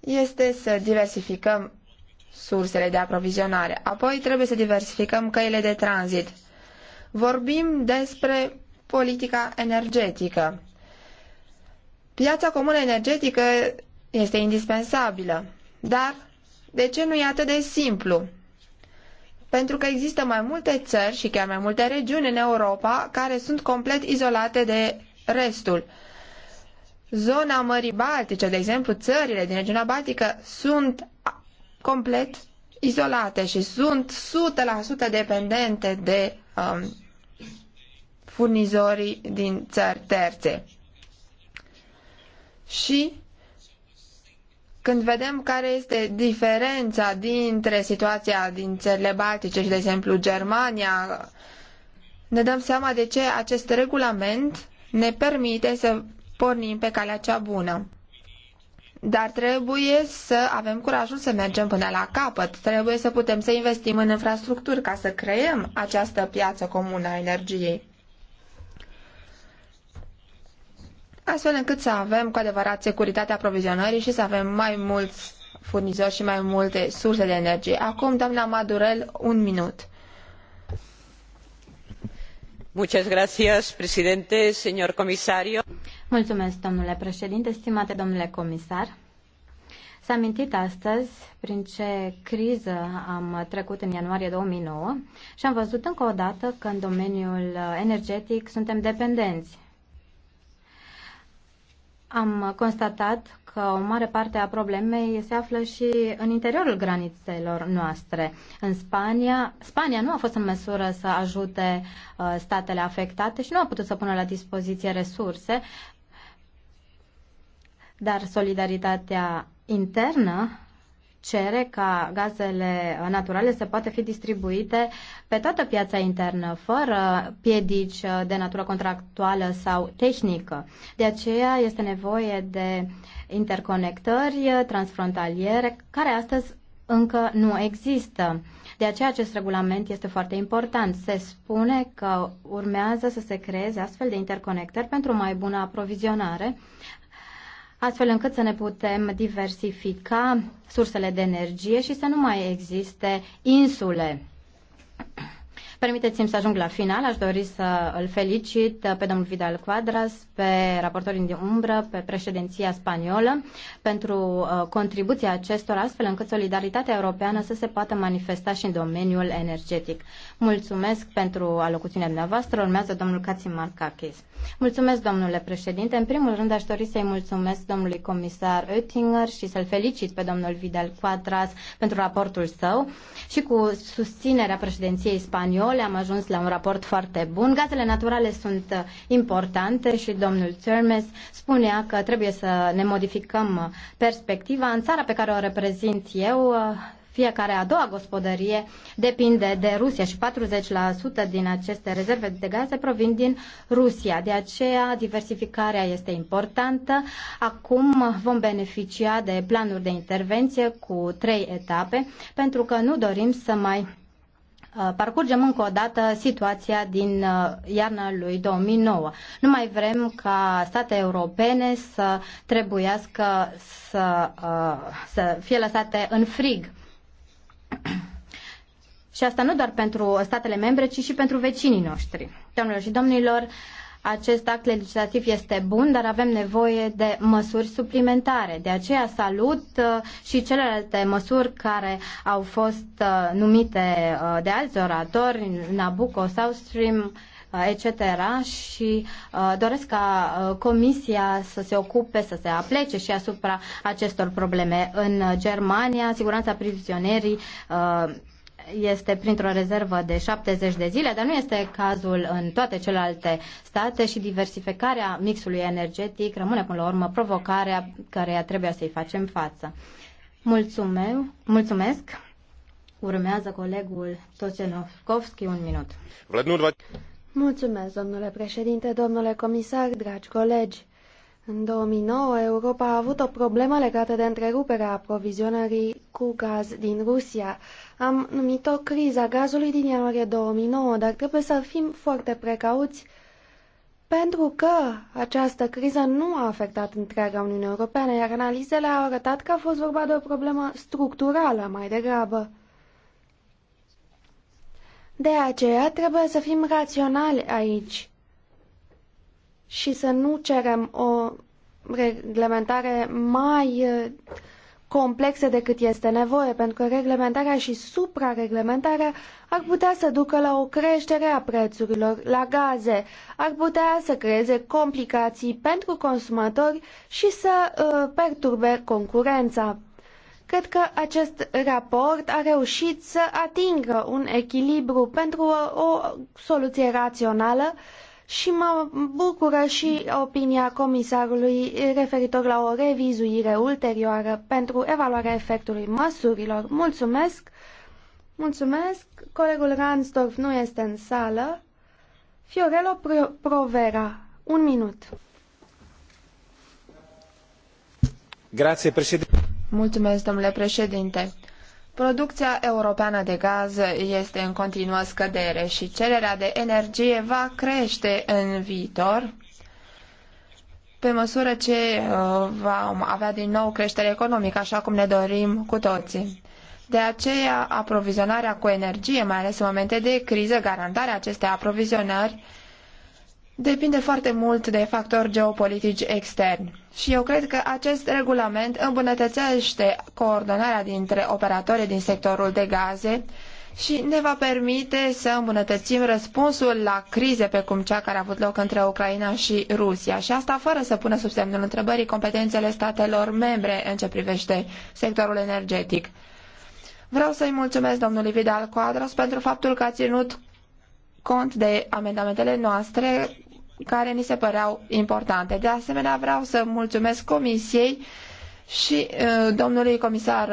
este să diversificăm sursele de aprovizionare. Apoi trebuie să diversificăm căile de tranzit. Vorbim despre politica energetică. Piața comună energetică este indispensabilă, dar de ce nu e atât de simplu? Pentru că există mai multe țări și chiar mai multe regiuni în Europa care sunt complet izolate de restul. Zona Mării Baltice, de exemplu, țările din regiunea Baltică sunt complet izolate și sunt 100% dependente de um, furnizorii din țări terțe și când vedem care este diferența dintre situația din țările baltice și, de exemplu, Germania, ne dăm seama de ce acest regulament ne permite să pornim pe calea cea bună. Dar trebuie să avem curajul să mergem până la capăt. Trebuie să putem să investim în infrastructuri ca să creăm această piață comună a energiei. astfel încât să avem cu adevărat securitatea aprovizionării și să avem mai mulți furnizori și mai multe surse de energie. Acum, doamna Madurel, un minut. Muchas gracias, presidente, señor comisario. Mulțumesc, domnule președinte, stimate domnule comisar. S-a amintit astăzi prin ce criză am trecut în ianuarie 2009 și am văzut încă o dată că în domeniul energetic suntem dependenți am constatat că o mare parte a problemei se află și în interiorul granițelor noastre. În Spania, Spania nu a fost în măsură să ajute uh, statele afectate și nu a putut să pună la dispoziție resurse, dar solidaritatea internă cere ca gazele naturale să poată fi distribuite pe toată piața internă, fără piedici de natură contractuală sau tehnică. De aceea este nevoie de interconectări transfrontaliere, care astăzi încă nu există. De aceea acest regulament este foarte important. Se spune că urmează să se creeze astfel de interconectări pentru mai bună aprovizionare, astfel încât să ne putem diversifica sursele de energie și să nu mai existe insule. Permiteți-mi să ajung la final. Aș dori să îl felicit pe domnul Vidal Quadras, pe raportorii din umbră, pe președinția spaniolă pentru uh, contribuția acestora, astfel încât solidaritatea europeană să se poată manifesta și în domeniul energetic. Mulțumesc pentru alocuțiunea dumneavoastră. Urmează domnul Katzimarkakis. Mulțumesc, domnule președinte. În primul rând, aș dori să-i mulțumesc domnului comisar Oettinger și să-l felicit pe domnul Vidal Quadras pentru raportul său. Și cu susținerea președinției spaniole am ajuns la un raport foarte bun. Gazele naturale sunt importante și domnul Termes spunea că trebuie să ne modificăm perspectiva. În țara pe care o reprezint eu, fiecare a doua gospodărie depinde de Rusia și 40% din aceste rezerve de gaze provin din Rusia. De aceea diversificarea este importantă. Acum vom beneficia de planuri de intervenție cu trei etape pentru că nu dorim să mai uh, parcurgem încă o dată situația din uh, iarna lui 2009. Nu mai vrem ca state europene să trebuiască să, uh, să fie lăsate în frig și asta nu doar pentru statele membre, ci și pentru vecinii noștri. Domnilor și domnilor, acest act legislativ este bun, dar avem nevoie de măsuri suplimentare. De aceea salut uh, și celelalte măsuri care au fost uh, numite uh, de alți oratori, Nabucco, South Stream, Uh, etc. Și uh, doresc ca uh, Comisia să se ocupe, să se aplece și asupra acestor probleme. În Germania, siguranța prizonierii este printr-o rezervă de 70 de zile, dar nu este cazul în toate celelalte state și diversificarea mixului energetic rămâne până la urmă provocarea care trebuie să-i facem față. Mulțumesc. Mulțumesc. Urmează colegul Tocenovkovski un minut. Mulțumesc, domnule președinte, domnule comisar, dragi colegi. În 2009, Europa a avut o problemă legată de întreruperea aprovizionării cu gaz din Rusia. Am numit-o criza gazului din ianuarie 2009, dar trebuie să fim foarte precauți pentru că această criză nu a afectat întreaga Uniune Europeană, iar analizele au arătat că a fost vorba de o problemă structurală mai degrabă. De aceea trebuie să fim raționali aici și să nu cerem o reglementare mai uh, complexă decât este nevoie, pentru că reglementarea și suprareglementarea ar putea să ducă la o creștere a prețurilor la gaze, ar putea să creeze complicații pentru consumatori și să uh, perturbe concurența. Cred că acest raport a reușit să atingă un echilibru pentru o, o soluție rațională și mă bucură și opinia comisarului referitor la o revizuire ulterioară pentru evaluarea efectului măsurilor. Mulțumesc! Mulțumesc! Colegul Ransdorf nu este în sală. Fiorello Provera, un minut. Grazie, președinte. Mulțumesc, domnule președinte. Producția europeană de gaz este în continuă scădere și cererea de energie va crește în viitor pe măsură ce uh, vom avea din nou creștere economică, așa cum ne dorim cu toții. De aceea, aprovizionarea cu energie, mai ales în momente de criză, garantarea acestei aprovizionări, depinde foarte mult de factori geopolitici externi. Și eu cred că acest regulament îmbunătățește coordonarea dintre operatorii din sectorul de gaze și ne va permite să îmbunătățim răspunsul la crize precum cea care a avut loc între Ucraina și Rusia și asta fără să pună sub semnul întrebării competențele statelor membre în ce privește sectorul energetic. Vreau să-i mulțumesc domnului Vidal Quadras pentru faptul că a ținut cont de amendamentele noastre care ni se păreau importante. De asemenea, vreau să mulțumesc Comisiei și uh, domnului comisar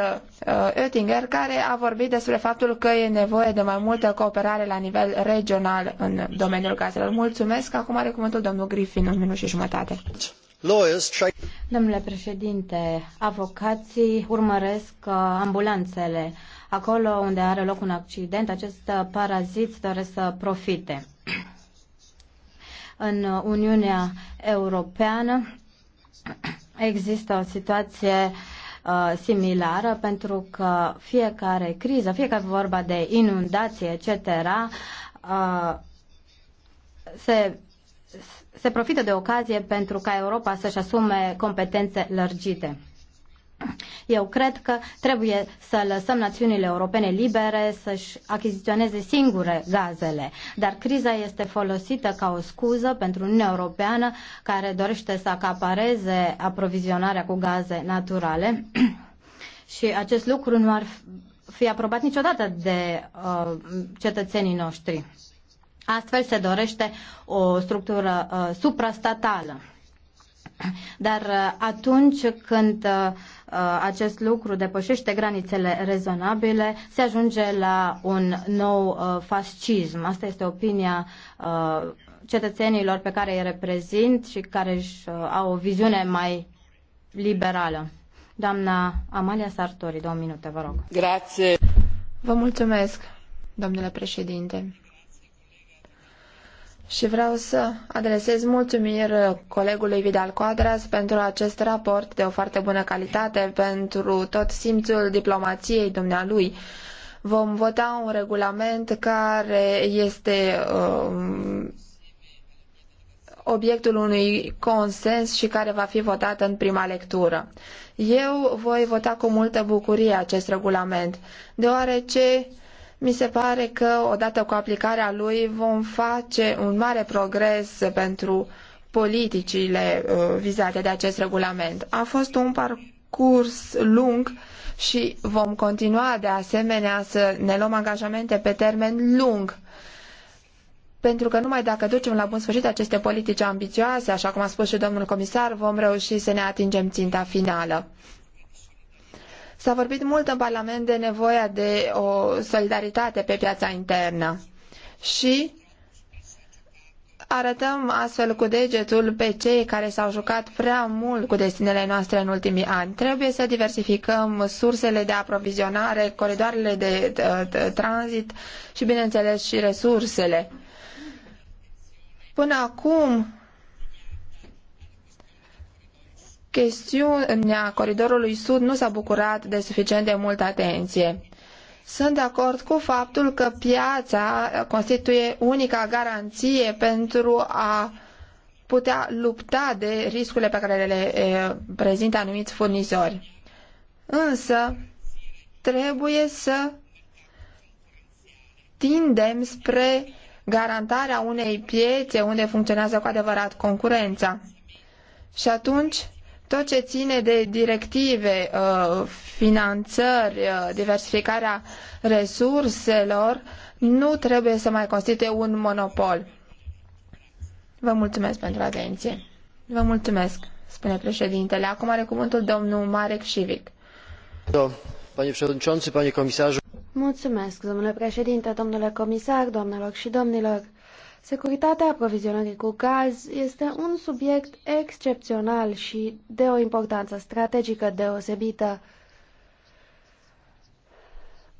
uh, Oettinger, care a vorbit despre faptul că e nevoie de mai multă cooperare la nivel regional în domeniul gazelor. Mulțumesc. Acum are cuvântul domnul Griffin, un minut și jumătate. Domnule președinte, avocații urmăresc uh, ambulanțele. Acolo unde are loc un accident, acest parazit doresc să profite în Uniunea Europeană există o situație uh, similară pentru că fiecare criză, fie că vorba de inundație, etc., uh, se, se profită de ocazie pentru ca Europa să-și asume competențe lărgite. Eu cred că trebuie să lăsăm națiunile europene libere să-și achiziționeze singure gazele, dar criza este folosită ca o scuză pentru Uniunea Europeană care dorește să acapareze aprovizionarea cu gaze naturale și acest lucru nu ar fi aprobat niciodată de uh, cetățenii noștri. Astfel se dorește o structură uh, suprastatală. Dar uh, atunci când uh, Uh, acest lucru depășește granițele rezonabile, se ajunge la un nou uh, fascism. Asta este opinia uh, cetățenilor pe care îi reprezint și care își au o viziune mai liberală. Doamna Amalia Sartori, două minute, vă rog. Grație. Vă mulțumesc, domnule președinte și vreau să adresez mulțumiri colegului Vidal Quadras pentru acest raport de o foarte bună calitate, pentru tot simțul diplomației dumnealui. Vom vota un regulament care este um, obiectul unui consens și care va fi votat în prima lectură. Eu voi vota cu multă bucurie acest regulament, deoarece mi se pare că odată cu aplicarea lui vom face un mare progres pentru politicile uh, vizate de acest regulament. A fost un parcurs lung și vom continua de asemenea să ne luăm angajamente pe termen lung pentru că numai dacă ducem la bun sfârșit aceste politici ambițioase, așa cum a spus și domnul comisar, vom reuși să ne atingem ținta finală. S-a vorbit mult în Parlament de nevoia de o solidaritate pe piața internă și arătăm astfel cu degetul pe cei care s-au jucat prea mult cu destinele noastre în ultimii ani. Trebuie să diversificăm sursele de aprovizionare, coridoarele de tranzit și, bineînțeles, și resursele. Până acum, chestiunea coridorului sud nu s-a bucurat de suficient de multă atenție. Sunt de acord cu faptul că piața constituie unica garanție pentru a putea lupta de riscurile pe care le prezintă anumiți furnizori. Însă, trebuie să tindem spre garantarea unei piețe unde funcționează cu adevărat concurența. Și atunci tot ce ține de directive, uh, finanțări, uh, diversificarea resurselor, nu trebuie să mai constituie un monopol. Vă mulțumesc pentru atenție. Vă mulțumesc, spune președintele. Acum are cuvântul domnul Marek Șivic. Da, panie președinte, panie comisar. Mulțumesc, domnule președinte, domnule comisar, doamnelor și domnilor. Securitatea aprovizionării cu gaz este un subiect excepțional și de o importanță strategică deosebită.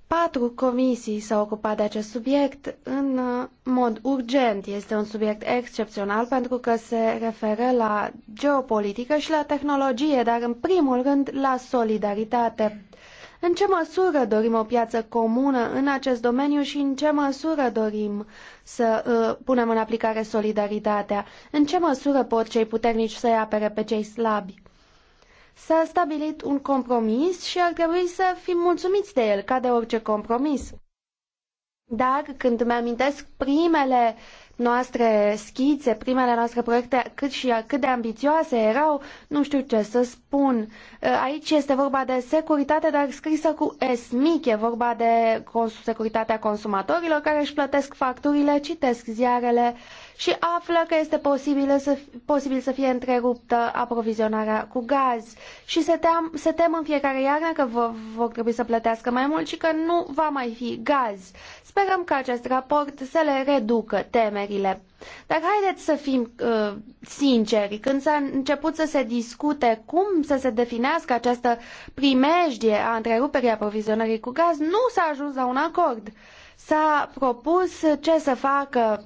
Patru comisii s-au ocupat de acest subiect în uh, mod urgent. Este un subiect excepțional pentru că se referă la geopolitică și la tehnologie, dar în primul rând la solidaritate. În ce măsură dorim o piață comună în acest domeniu și în ce măsură dorim să uh, punem în aplicare solidaritatea? În ce măsură pot cei puternici să-i apere pe cei slabi? S-a stabilit un compromis și ar trebui să fim mulțumiți de el, ca de orice compromis. Dar când mi amintesc primele uh, noastre schițe, primele noastre proiecte, cât și cât de ambițioase erau, nu știu ce să spun. Aici este vorba de securitate, dar scrisă cu S mic, e vorba de securitatea consumatorilor care își plătesc facturile, citesc ziarele și află că este posibil să, posibil să fie întreruptă aprovizionarea cu gaz și se, team, se tem în fiecare iarnă că vor, vor trebui să plătească mai mult și că nu va mai fi gaz. Sperăm că acest raport să le reducă temerile. Dar haideți să fim uh, sinceri, când s-a început să se discute cum să se definească această primejdie a întreruperii aprovizionării cu gaz, nu s-a ajuns la un acord. S-a propus ce să facă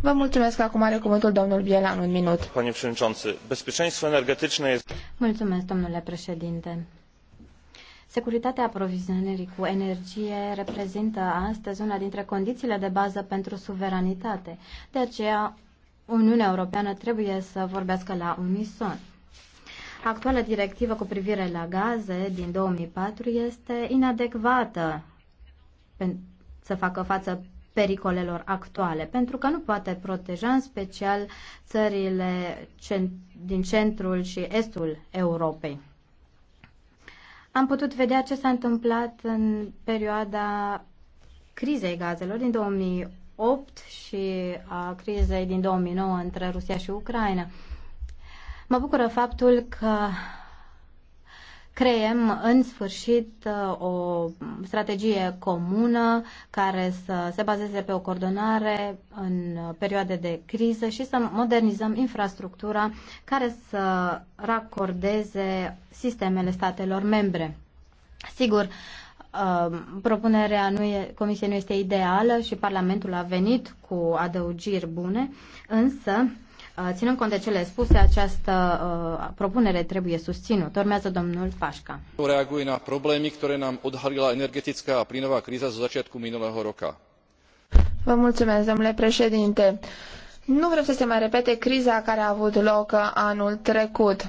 Vă mulțumesc. Acum are cuvântul domnul Bielan, un minut. Panie przewodniczący, bezpieczeństwo energetyczne jest... Mulțumesc, domnule președinte. Securitatea aprovizionării cu energie reprezintă astăzi una dintre condițiile de bază pentru suveranitate. De aceea, Uniunea Europeană trebuie să vorbească la unison. Actuala directivă cu privire la gaze din 2004 este inadecvată să facă față pericolelor actuale, pentru că nu poate proteja în special țările din centrul și estul Europei. Am putut vedea ce s-a întâmplat în perioada crizei gazelor din 2008 și a crizei din 2009 între Rusia și Ucraina. Mă bucură faptul că creem în sfârșit uh, o strategie comună care să se bazeze pe o coordonare în perioade de criză și să modernizăm infrastructura care să racordeze sistemele statelor membre. Sigur, uh, propunerea nu e, Comisiei nu este ideală și Parlamentul a venit cu adăugiri bune, însă Uh, ținând cont de cele spuse, această uh, propunere trebuie susținută. Urmează domnul Pașca. Reagui na problémy, ktoré nám odhalila energetická a plynová criza zo začiatku minulého roka. Vă mulțumesc, domnule președinte. Nu vreau să se mai repete criza care a avut loc anul trecut.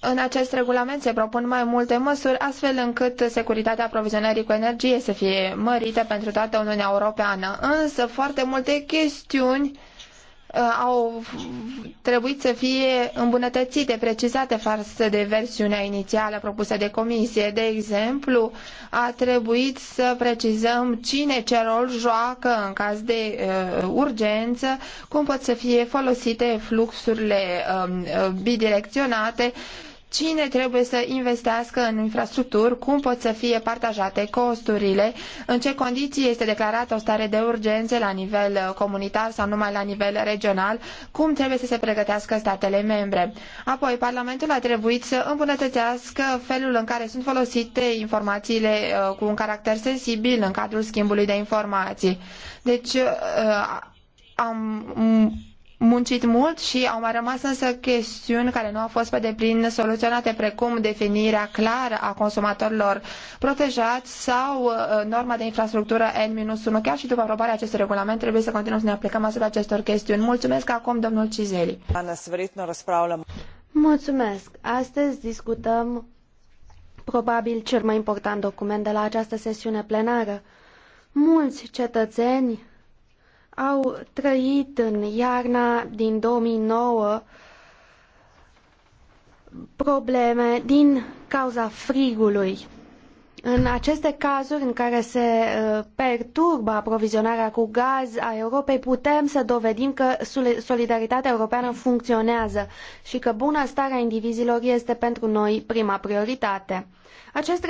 În acest regulament se propun mai multe măsuri astfel încât securitatea aprovizionării cu energie să fie mărită pentru toată Uniunea Europeană, însă foarte multe chestiuni Uh, au trebuit să fie îmbunătățite, precizate față de versiunea inițială propusă de comisie. De exemplu, a trebuit să precizăm cine ce rol joacă în caz de uh, urgență, cum pot să fie folosite fluxurile um, uh, bidirecționate cine trebuie să investească în infrastructuri, cum pot să fie partajate costurile, în ce condiții este declarată o stare de urgență la nivel uh, comunitar sau numai la nivel regional, cum trebuie să se pregătească statele membre. Apoi, Parlamentul a trebuit să îmbunătățească felul în care sunt folosite informațiile uh, cu un caracter sensibil în cadrul schimbului de informații. Deci, uh, am muncit mult și au mai rămas însă chestiuni care nu au fost pe deplin soluționate, precum definirea clară a consumatorilor protejați sau uh, norma de infrastructură N-1. Chiar și după aprobarea acestui regulament trebuie să continuăm să ne aplicăm asupra acestor chestiuni. Mulțumesc acum, domnul Cizeli. Mulțumesc. Astăzi discutăm probabil cel mai important document de la această sesiune plenară. Mulți cetățeni au trăit în iarna din 2009 probleme din cauza frigului. În aceste cazuri în care se uh, perturbă aprovizionarea cu gaz a Europei, putem să dovedim că solidaritatea europeană funcționează și că bunăstarea indivizilor este pentru noi prima prioritate. Acest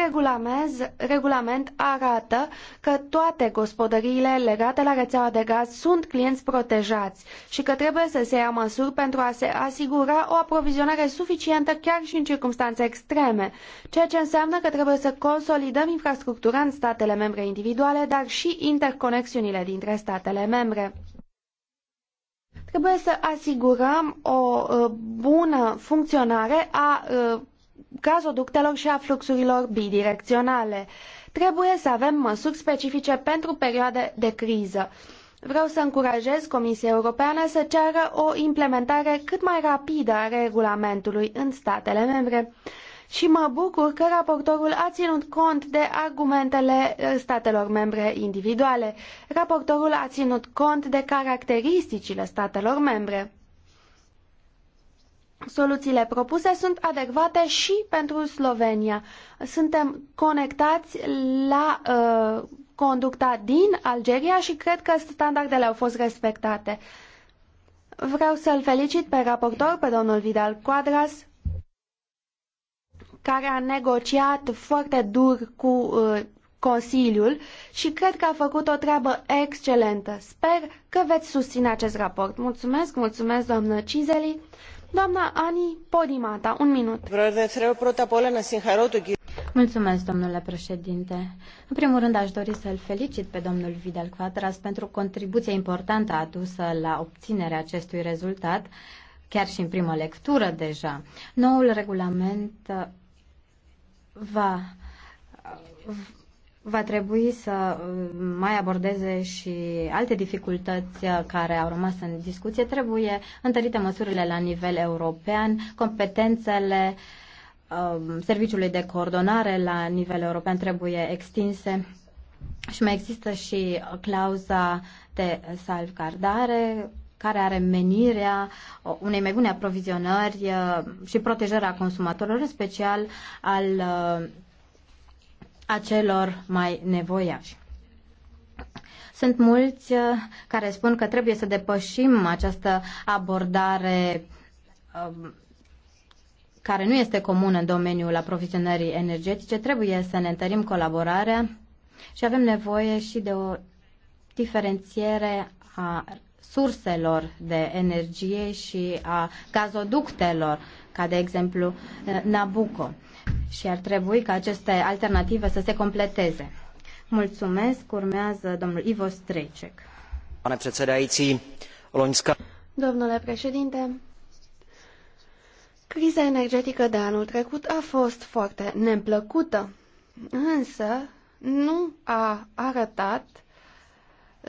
regulament arată că toate gospodăriile legate la rețeaua de gaz sunt clienți protejați și că trebuie să se ia măsuri pentru a se asigura o aprovizionare suficientă chiar și în circunstanțe extreme, ceea ce înseamnă că trebuie să consolidăm infrastructura în statele membre individuale, dar și interconexiunile dintre statele membre trebuie să asigurăm o uh, bună funcționare a uh, gazoductelor și a fluxurilor bidirecționale. Trebuie să avem măsuri specifice pentru perioade de criză. Vreau să încurajez Comisia Europeană să ceară o implementare cât mai rapidă a regulamentului în statele membre. Și mă bucur că raportorul a ținut cont de argumentele eh, statelor membre individuale. Raportorul a ținut cont de caracteristicile statelor membre. Soluțiile propuse sunt adecvate și pentru Slovenia. Suntem conectați la uh, conducta din Algeria și cred că standardele au fost respectate. Vreau să-l felicit pe raportor, pe domnul Vidal Quadras, care a negociat foarte dur cu uh, Consiliul și cred că a făcut o treabă excelentă. Sper că veți susține acest raport. Mulțumesc, mulțumesc, doamnă Cizeli. Doamna Ani Podimata, un minut. Mulțumesc, domnule președinte. În primul rând, aș dori să-l felicit pe domnul Vidal Quadras pentru contribuția importantă adusă la obținerea acestui rezultat, chiar și în primă lectură deja. Noul regulament uh, va va trebui să uh, mai abordeze și alte dificultăți uh, care au rămas în discuție. Trebuie întărite măsurile la nivel european, competențele uh, serviciului de coordonare la nivel european trebuie extinse și mai există și clauza de salvgardare care are menirea unei mai bune aprovizionări și protejarea consumatorilor, în special al a celor mai nevoiași. Sunt mulți uh, care spun că trebuie să depășim această abordare um, care nu este comună în domeniul aprovizionării energetice, trebuie să ne întărim colaborarea și avem nevoie și de o diferențiere a surselor de energie și a gazoductelor, ca de exemplu uh, Nabucco și ar trebui ca aceste alternative să se completeze. Mulțumesc. Urmează domnul Ivo Strecek. Pane Domnule președinte, criza energetică de anul trecut a fost foarte neplăcută, însă nu a arătat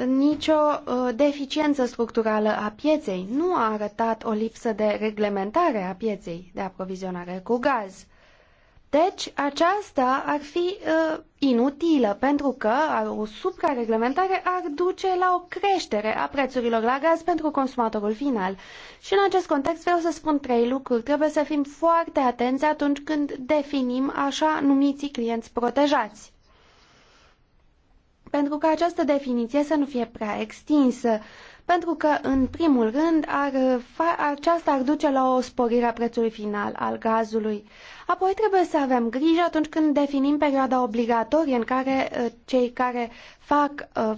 nicio uh, deficiență structurală a pieței, nu a arătat o lipsă de reglementare a pieței de aprovizionare cu gaz. Deci, aceasta ar fi uh, inutilă, pentru că o suprareglementare ar duce la o creștere a prețurilor la gaz pentru consumatorul final. Și în acest context vreau să spun trei lucruri. Trebuie să fim foarte atenți atunci când definim așa numiții clienți protejați. Pentru că această definiție să nu fie prea extinsă, pentru că, în primul rând, ar, aceasta ar duce la o sporire a prețului final al gazului. Apoi trebuie să avem grijă atunci când definim perioada obligatorie în care uh, cei care fac uh,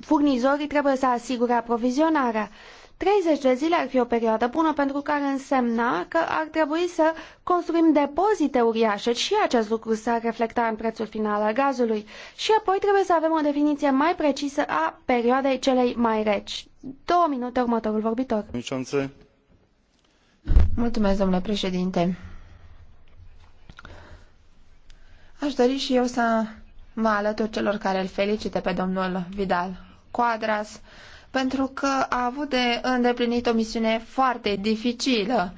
furnizorii trebuie să asigure aprovizionarea. 30 de zile ar fi o perioadă bună pentru care însemna că ar trebui să construim depozite uriașe și acest lucru s-ar reflecta în prețul final al gazului. Și apoi trebuie să avem o definiție mai precisă a perioadei celei mai reci. Două minute următorul vorbitor. Mulțumesc, domnule președinte. Aș dori și eu să mă alătur celor care îl felicite pe domnul Vidal Quadras pentru că a avut de îndeplinit o misiune foarte dificilă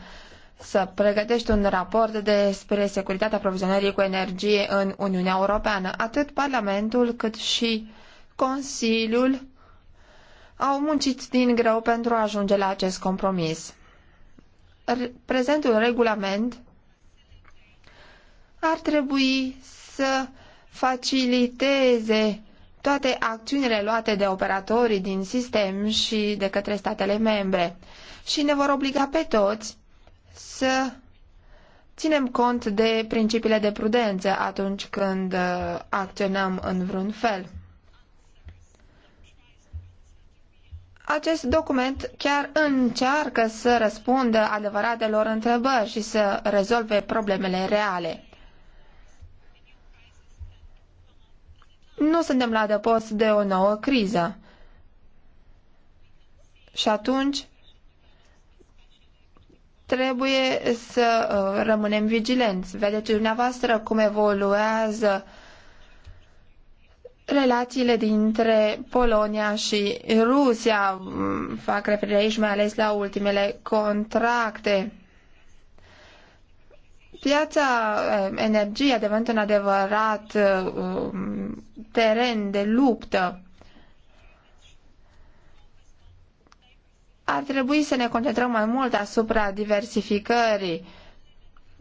să pregătești un raport despre securitatea aprovizionării cu energie în Uniunea Europeană. Atât Parlamentul cât și Consiliul au muncit din greu pentru a ajunge la acest compromis. Prezentul regulament ar trebui să faciliteze toate acțiunile luate de operatorii din sistem și de către statele membre și ne vor obliga pe toți să ținem cont de principiile de prudență atunci când uh, acționăm în vreun fel. Acest document chiar încearcă să răspundă adevăratelor întrebări și să rezolve problemele reale. nu suntem la adăpost de o nouă criză. Și atunci trebuie să uh, rămânem vigilenți. Vedeți dumneavoastră cum evoluează relațiile dintre Polonia și Rusia. Mm, fac referire aici mai ales la ultimele contracte Piața eh, energiei a devenit un adevărat eh, um, teren de luptă. Ar trebui să ne concentrăm mai mult asupra diversificării.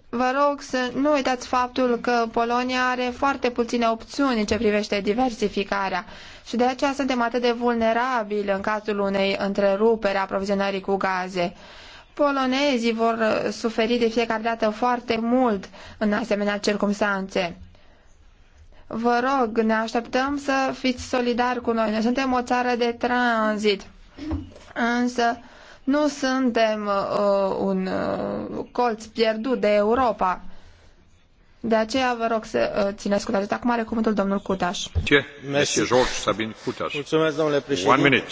Vă rog să nu uitați faptul că Polonia are foarte puține opțiuni în ce privește diversificarea și de aceea suntem atât de vulnerabili în cazul unei întreruperi a aprovizionării cu gaze. Polonezii vor uh, suferi de fiecare dată foarte mult în asemenea circumstanțe. Vă rog, ne așteptăm să fiți solidari cu noi. Noi suntem o țară de tranzit, însă nu suntem uh, un uh, colț pierdut de Europa. De aceea vă rog să uh, țineți cu Acum are cuvântul domnul Cutaș. Ce? George Sabin Cutaș. Mulțumesc, domnule președinte. One minute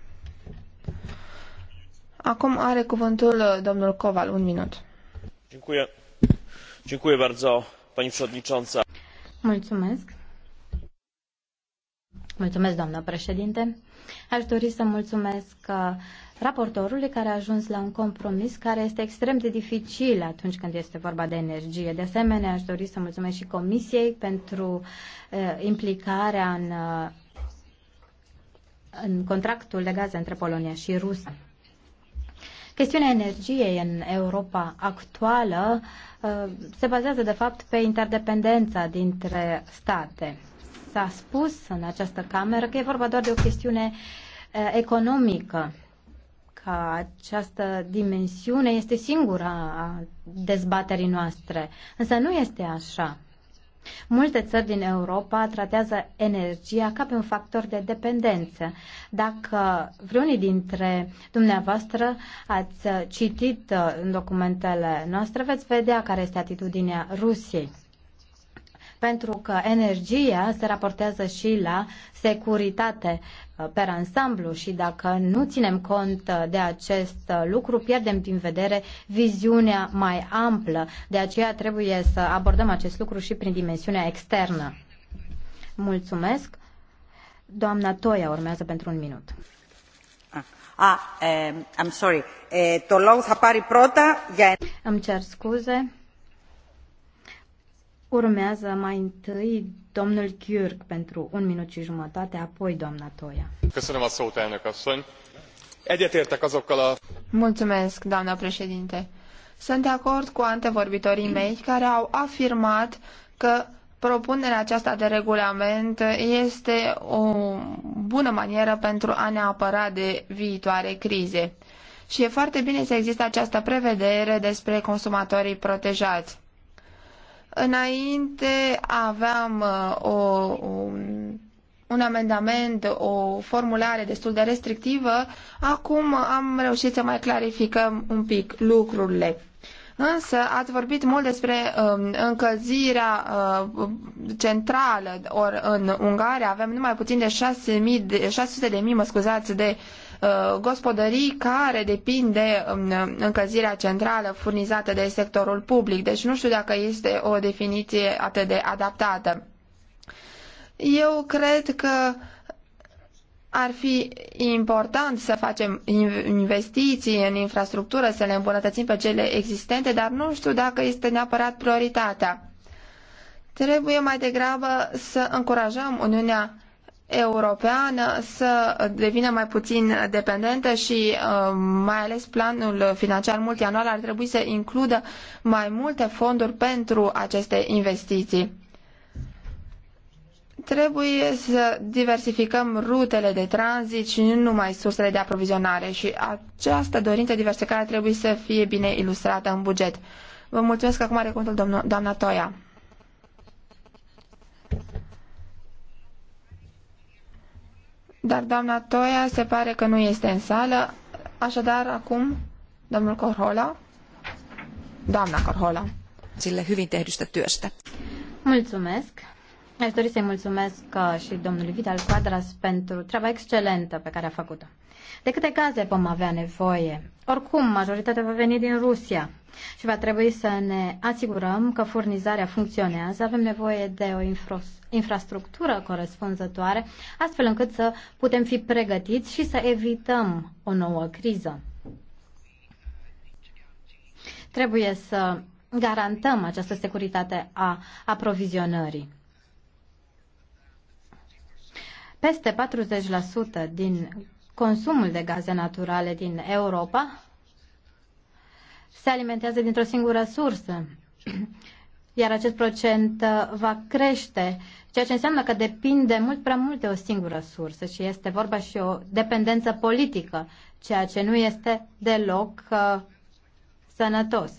Acum are cuvântul uh, domnul Coval, un minut. Dziękuję. Dziękuję bardzo, pani przewodnicząca. Mulțumesc. Mulțumesc, doamnă președinte. Aș dori să mulțumesc uh, raportorului care a ajuns la un compromis care este extrem de dificil atunci când este vorba de energie. De asemenea, aș dori să mulțumesc și Comisiei pentru uh, implicarea în, uh, în contractul de gaze între Polonia și Rusia. Chestiunea energiei în Europa actuală uh, se bazează, de fapt, pe interdependența dintre state. S-a spus în această cameră că e vorba doar de o chestiune uh, economică, că această dimensiune este singura a dezbaterii noastre. Însă nu este așa. Multe țări din Europa tratează energia ca pe un factor de dependență. Dacă vreunii dintre dumneavoastră ați citit uh, în documentele noastre, veți vedea care este atitudinea Rusiei pentru că energia se raportează și la securitate uh, per ansamblu și dacă nu ținem cont uh, de acest uh, lucru, pierdem din vedere viziunea mai amplă. De aceea trebuie să abordăm acest lucru și prin dimensiunea externă. Mulțumesc. Doamna Toia urmează pentru un minut. Ah, eh, I'm sorry. Eh, to low θα prota. πρώτα Îmi cer scuze. Urmează mai întâi domnul Gyurk pentru un minut și jumătate, apoi doamna Toia. Köszönöm a szót, elnök asszony. Egyetértek azokkal a... Mulțumesc, doamna președinte. Sunt de acord cu antevorbitorii mei care au afirmat că propunerea aceasta de regulament este o bună manieră pentru a ne apăra de viitoare crize. Și e foarte bine să existe această prevedere despre consumatorii protejați. Înainte aveam uh, o, un, un amendament, o formulare destul de restrictivă. Acum am reușit să mai clarificăm un pic lucrurile. Însă ați vorbit mult despre um, încălzirea uh, centrală, ori în Ungaria avem numai puțin de 6.000 de, de mii, mă scuzați, de Uh, gospodării care depind de um, încălzirea centrală furnizată de sectorul public. Deci nu știu dacă este o definiție atât de adaptată. Eu cred că ar fi important să facem investiții în infrastructură, să le îmbunătățim pe cele existente, dar nu știu dacă este neapărat prioritatea. Trebuie mai degrabă să încurajăm Uniunea europeană să devină mai puțin dependentă și uh, mai ales planul financiar multianual ar trebui să includă mai multe fonduri pentru aceste investiții. Trebuie să diversificăm rutele de tranzit și nu numai sursele de aprovizionare și această dorință diversificare trebuie să fie bine ilustrată în buget. Vă mulțumesc acum are cuvântul doamna Toia. Dar doamna Toia se pare că nu este în sală, așadar acum domnul Corhola. Doamna Corhola. Sille hyvin tehdystä työstä. Mulțumesc. Aș dori să-i mulțumesc uh, și domnului Vidal Quadras pentru treaba excelentă pe care a făcut-o. De câte gaze vom avea nevoie? Oricum, majoritatea va veni din Rusia și va trebui să ne asigurăm că furnizarea funcționează. Avem nevoie de o infrastructură corespunzătoare, astfel încât să putem fi pregătiți și să evităm o nouă criză. Trebuie să garantăm această securitate a aprovizionării. Peste 40% din consumul de gaze naturale din Europa se alimentează dintr-o singură sursă, iar acest procent uh, va crește, ceea ce înseamnă că depinde mult prea mult de o singură sursă și este vorba și o dependență politică, ceea ce nu este deloc uh, sănătos.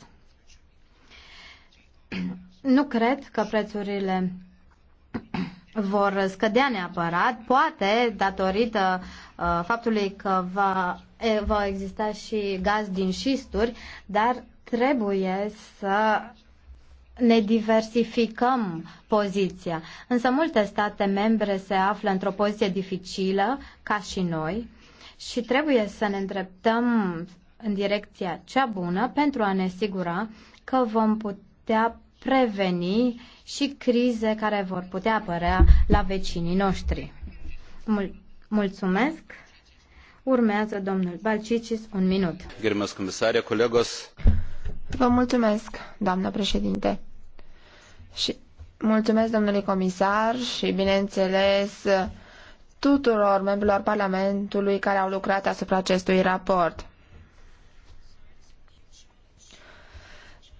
Nu cred că prețurile vor scădea neapărat, poate datorită uh, faptului că va, e, va exista și gaz din șisturi, dar trebuie să ne diversificăm poziția. Însă multe state membre se află într-o poziție dificilă, ca și noi, și trebuie să ne îndreptăm în direcția cea bună pentru a ne asigura că vom putea preveni și crize care vor putea apărea la vecinii noștri. Mul- mulțumesc! Urmează domnul Balcicis un minut. Gerbiamas comisare, colegos. Vă mulțumesc, doamnă președinte. Și mulțumesc domnului comisar și, bineînțeles, tuturor membrilor Parlamentului care au lucrat asupra acestui raport.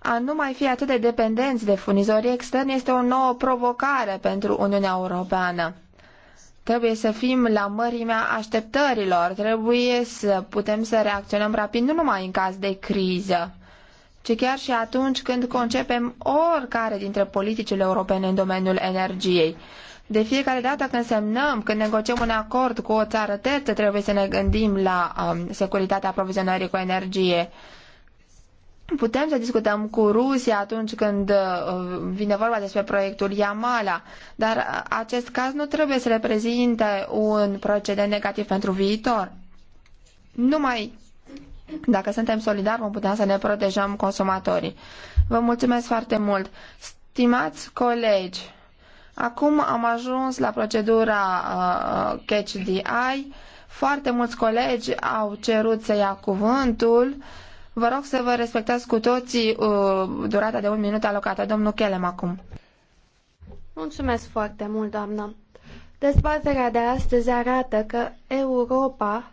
A nu mai fi atât de dependenți de furnizori externi este o nouă provocare pentru Uniunea Europeană. Trebuie să fim la mărimea așteptărilor, trebuie să putem să reacționăm rapid nu numai în caz de criză, ci chiar și atunci când concepem oricare dintre politicile europene în domeniul energiei. De fiecare dată când semnăm, când negociem un acord cu o țară terță, trebuie să ne gândim la um, securitatea aprovizionării cu energie. Putem să discutăm cu Rusia atunci când uh, vine vorba despre proiectul Yamala, dar acest caz nu trebuie să reprezinte un procedent negativ pentru viitor. Numai dacă suntem solidari vom putea să ne protejăm consumatorii. Vă mulțumesc foarte mult. Stimați colegi, acum am ajuns la procedura uh, Catch the Eye. Foarte mulți colegi au cerut să ia cuvântul. Vă rog să vă respectați cu toții uh, durata de un minut alocată. Domnul Chelem acum. Mulțumesc foarte mult, doamnă. Dezbaterea de astăzi arată că Europa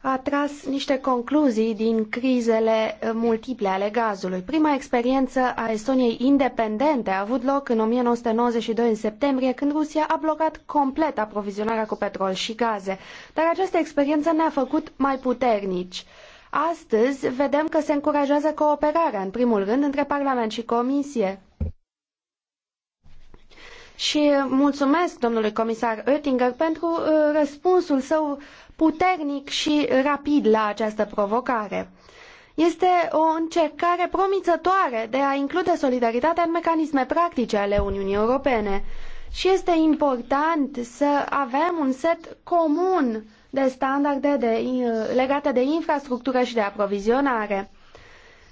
a tras niște concluzii din crizele multiple ale gazului. Prima experiență a Estoniei independente a avut loc în 1992 în septembrie, când Rusia a blocat complet aprovizionarea cu petrol și gaze. Dar această experiență ne-a făcut mai puternici. Astăzi vedem că se încurajează cooperarea, în primul rând, între Parlament și Comisie. Și mulțumesc domnului comisar Oettinger pentru uh, răspunsul său puternic și rapid la această provocare. Este o încercare promițătoare de a include solidaritatea în mecanisme practice ale Uniunii Europene și este important să avem un set comun de standarde de, legate de infrastructură și de aprovizionare.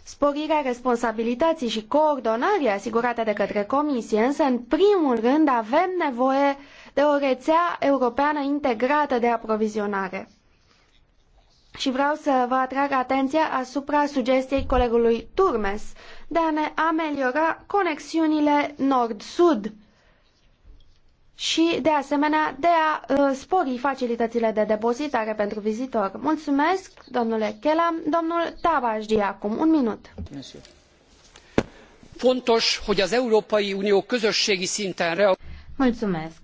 Sporirea responsabilității și coordonării asigurate de către Comisie, însă, în primul rând, avem nevoie de o rețea europeană integrată de aprovizionare. Și vreau să vă atrag atenția asupra sugestiei colegului Turmes de a ne ameliora conexiunile nord-sud și, de asemenea, de a uh, spori facilitățile de depozitare pentru vizitor. Mulțumesc, domnule Chelam. Domnul Tabajdi, acum un minut. Fontos, hogy az Európai Unió közösségi szinten Mulțumesc.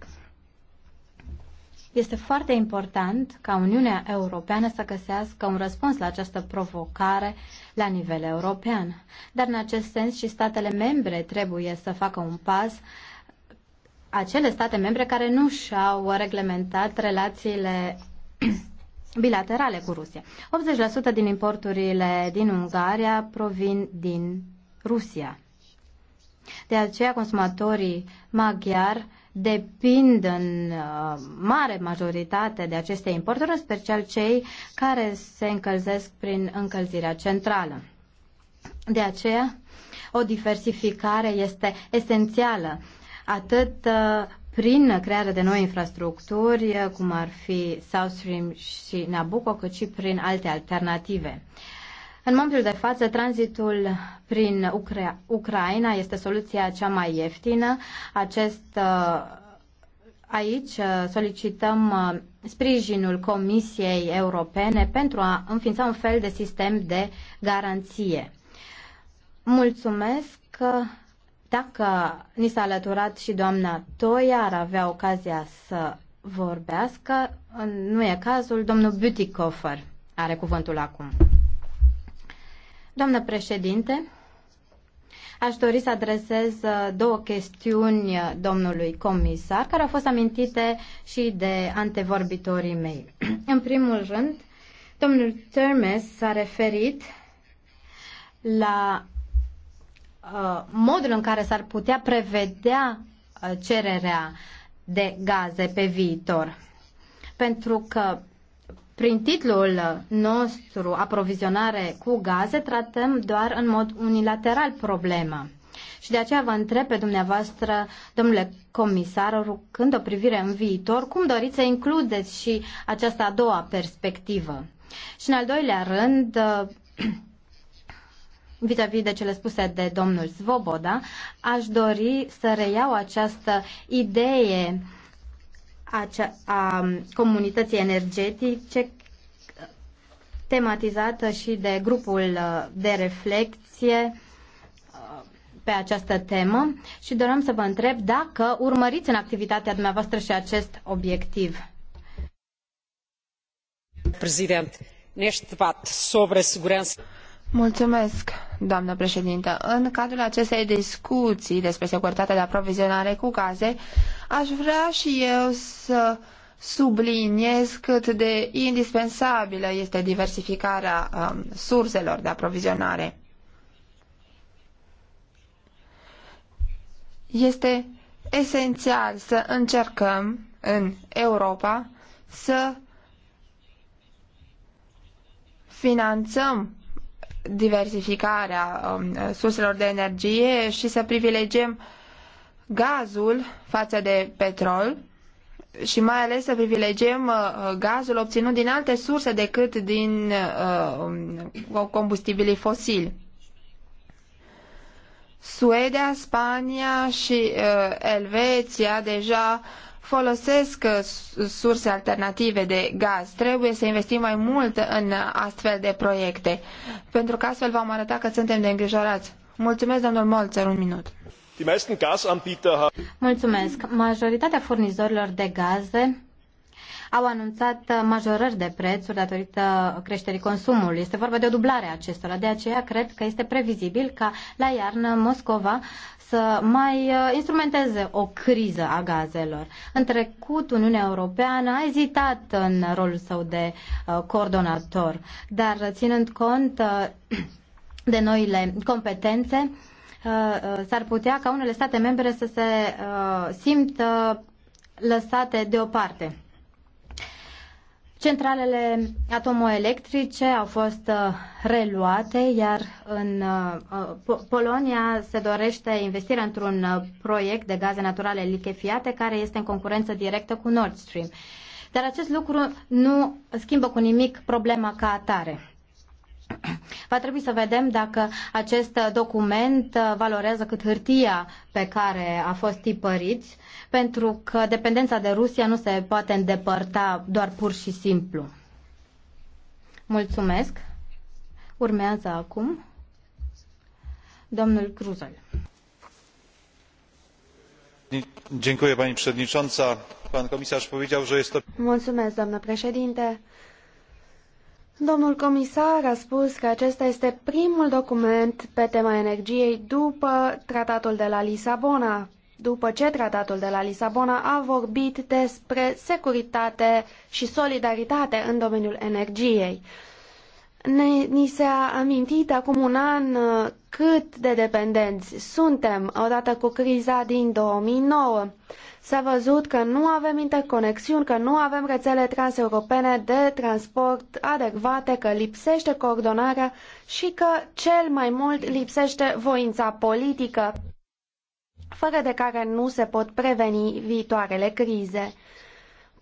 Este foarte important ca Uniunea Europeană să găsească un răspuns la această provocare la nivel european. Dar în acest sens și statele membre trebuie să facă un pas uh, acele state membre care nu și-au reglementat relațiile bilaterale cu Rusia. 80% din importurile din Ungaria provin din Rusia. De aceea consumatorii maghiari depind în uh, mare majoritate de aceste importuri, în special cei care se încălzesc prin încălzirea centrală. De aceea, o diversificare este esențială atât uh, prin crearea de noi infrastructuri, uh, cum ar fi South Stream și Nabucco, cât și prin alte alternative. În momentul de față, tranzitul prin Ucra- Ucraina este soluția cea mai ieftină. Acest, uh, aici solicităm sprijinul Comisiei Europene pentru a înființa un fel de sistem de garanție. Mulțumesc dacă ni s-a alăturat și doamna Toia, ar avea ocazia să vorbească. Nu e cazul. Domnul Butikofer are cuvântul acum. Doamnă președinte, aș dori să adresez uh, două chestiuni uh, domnului comisar, care au fost amintite și de antevorbitorii mei. În primul rând, domnul Termes s-a referit la Uh, modul în care s-ar putea prevedea uh, cererea de gaze pe viitor. Pentru că prin titlul nostru aprovizionare cu gaze tratăm doar în mod unilateral problema. Și de aceea vă întreb pe dumneavoastră, domnule comisar, când o privire în viitor, cum doriți să includeți și această a doua perspectivă? Și în al doilea rând, uh, vis-a-vis -vis de cele spuse de domnul Svoboda, aș dori să reiau această idee a, a comunității energetice tematizată și de grupul uh, de reflexie uh, pe această temă și doream să vă întreb dacă urmăriți în activitatea dumneavoastră și acest obiectiv. Președinte, neste debate sobre a segurança Mulțumesc, doamnă președintă. În cadrul acestei discuții despre securitatea de aprovizionare cu gaze, aș vrea și eu să subliniez cât de indispensabilă este diversificarea um, surselor de aprovizionare. Este esențial să încercăm în Europa să finanțăm diversificarea um, surselor de energie și să privilegiem gazul față de petrol și mai ales să privilegiem uh, gazul obținut din alte surse decât din uh, um, combustibilii fosili. Suedia, Spania și uh, Elveția deja uh, folosesc uh, surse alternative de gaz. Trebuie să investim mai mult în astfel de proiecte, pentru că astfel vom arăta că suntem de îngrijorați. Mulțumesc, domnul Molzer, un minut. Mulțumesc. Majoritatea furnizorilor de gaze au anunțat uh, majorări de prețuri datorită creșterii consumului. Este vorba de o dublare a acestora. De aceea cred că este previzibil ca la iarnă Moscova să mai uh, instrumenteze o criză a gazelor. În trecut, Uniunea Europeană a ezitat în rolul său de uh, coordonator, dar ținând cont de noile competențe, s-ar putea ca unele state membre să se simtă lăsate deoparte. Centralele atomoelectrice au fost uh, reluate, iar în uh, uh, Polonia se dorește investirea într-un proiect de gaze naturale lichefiate care este în concurență directă cu Nord Stream. Dar acest lucru nu schimbă cu nimic problema ca atare. Va trebui să vedem dacă acest document uh, valorează cât hârtia pe care a fost tipărit, pentru că dependența de Rusia nu se poate îndepărta doar pur și simplu. Mulțumesc. Urmează acum domnul Cruzel. Dziękuję pani przewodnicząca. Pan komisarz powiedział, że jest to Mulțumesc, doamnă președinte. Domnul comisar a spus că acesta este primul document pe tema energiei după tratatul de la Lisabona, după ce tratatul de la Lisabona a vorbit despre securitate și solidaritate în domeniul energiei. Ne, ni s-a amintit acum un an uh, cât de dependenți suntem odată cu criza din 2009. S-a văzut că nu avem interconexiuni, că nu avem rețele transeuropene de transport adecvate, că lipsește coordonarea și că cel mai mult lipsește voința politică, fără de care nu se pot preveni viitoarele crize.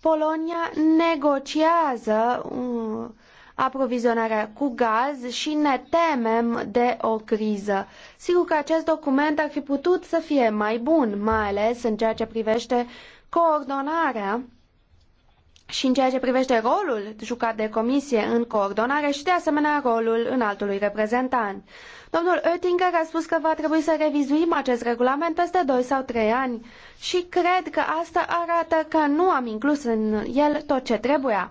Polonia negociază uh, aprovizionarea cu gaz și ne temem de o criză. Sigur că acest document ar fi putut să fie mai bun, mai ales în ceea ce privește coordonarea și în ceea ce privește rolul jucat de comisie în coordonare și de asemenea rolul înaltului reprezentant. Domnul Oettinger a spus că va trebui să revizuim acest regulament peste doi sau trei ani și cred că asta arată că nu am inclus în el tot ce trebuia.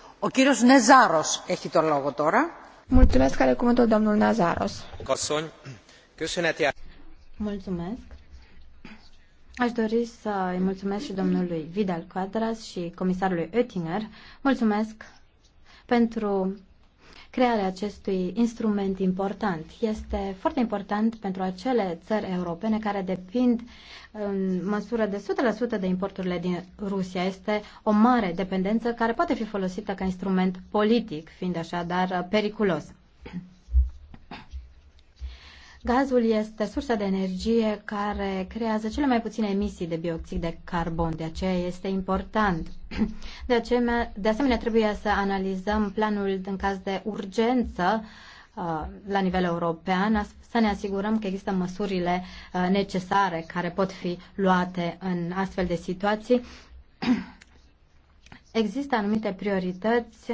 O Mulțumesc, domnul Mulțumesc. Aș dori să îi mulțumesc și domnului Vidal Quadras și comisarului Oettinger. Mulțumesc pentru crearea acestui instrument important. Este foarte important pentru acele țări europene care depind în măsură de 100% de importurile din Rusia. Este o mare dependență care poate fi folosită ca instrument politic, fiind așadar periculos. Gazul este sursa de energie care creează cele mai puține emisii de bioxid de carbon, de aceea este important. De, aceea, de asemenea, trebuie să analizăm planul în caz de urgență uh, la nivel european, să ne asigurăm că există măsurile uh, necesare care pot fi luate în astfel de situații. Există anumite priorități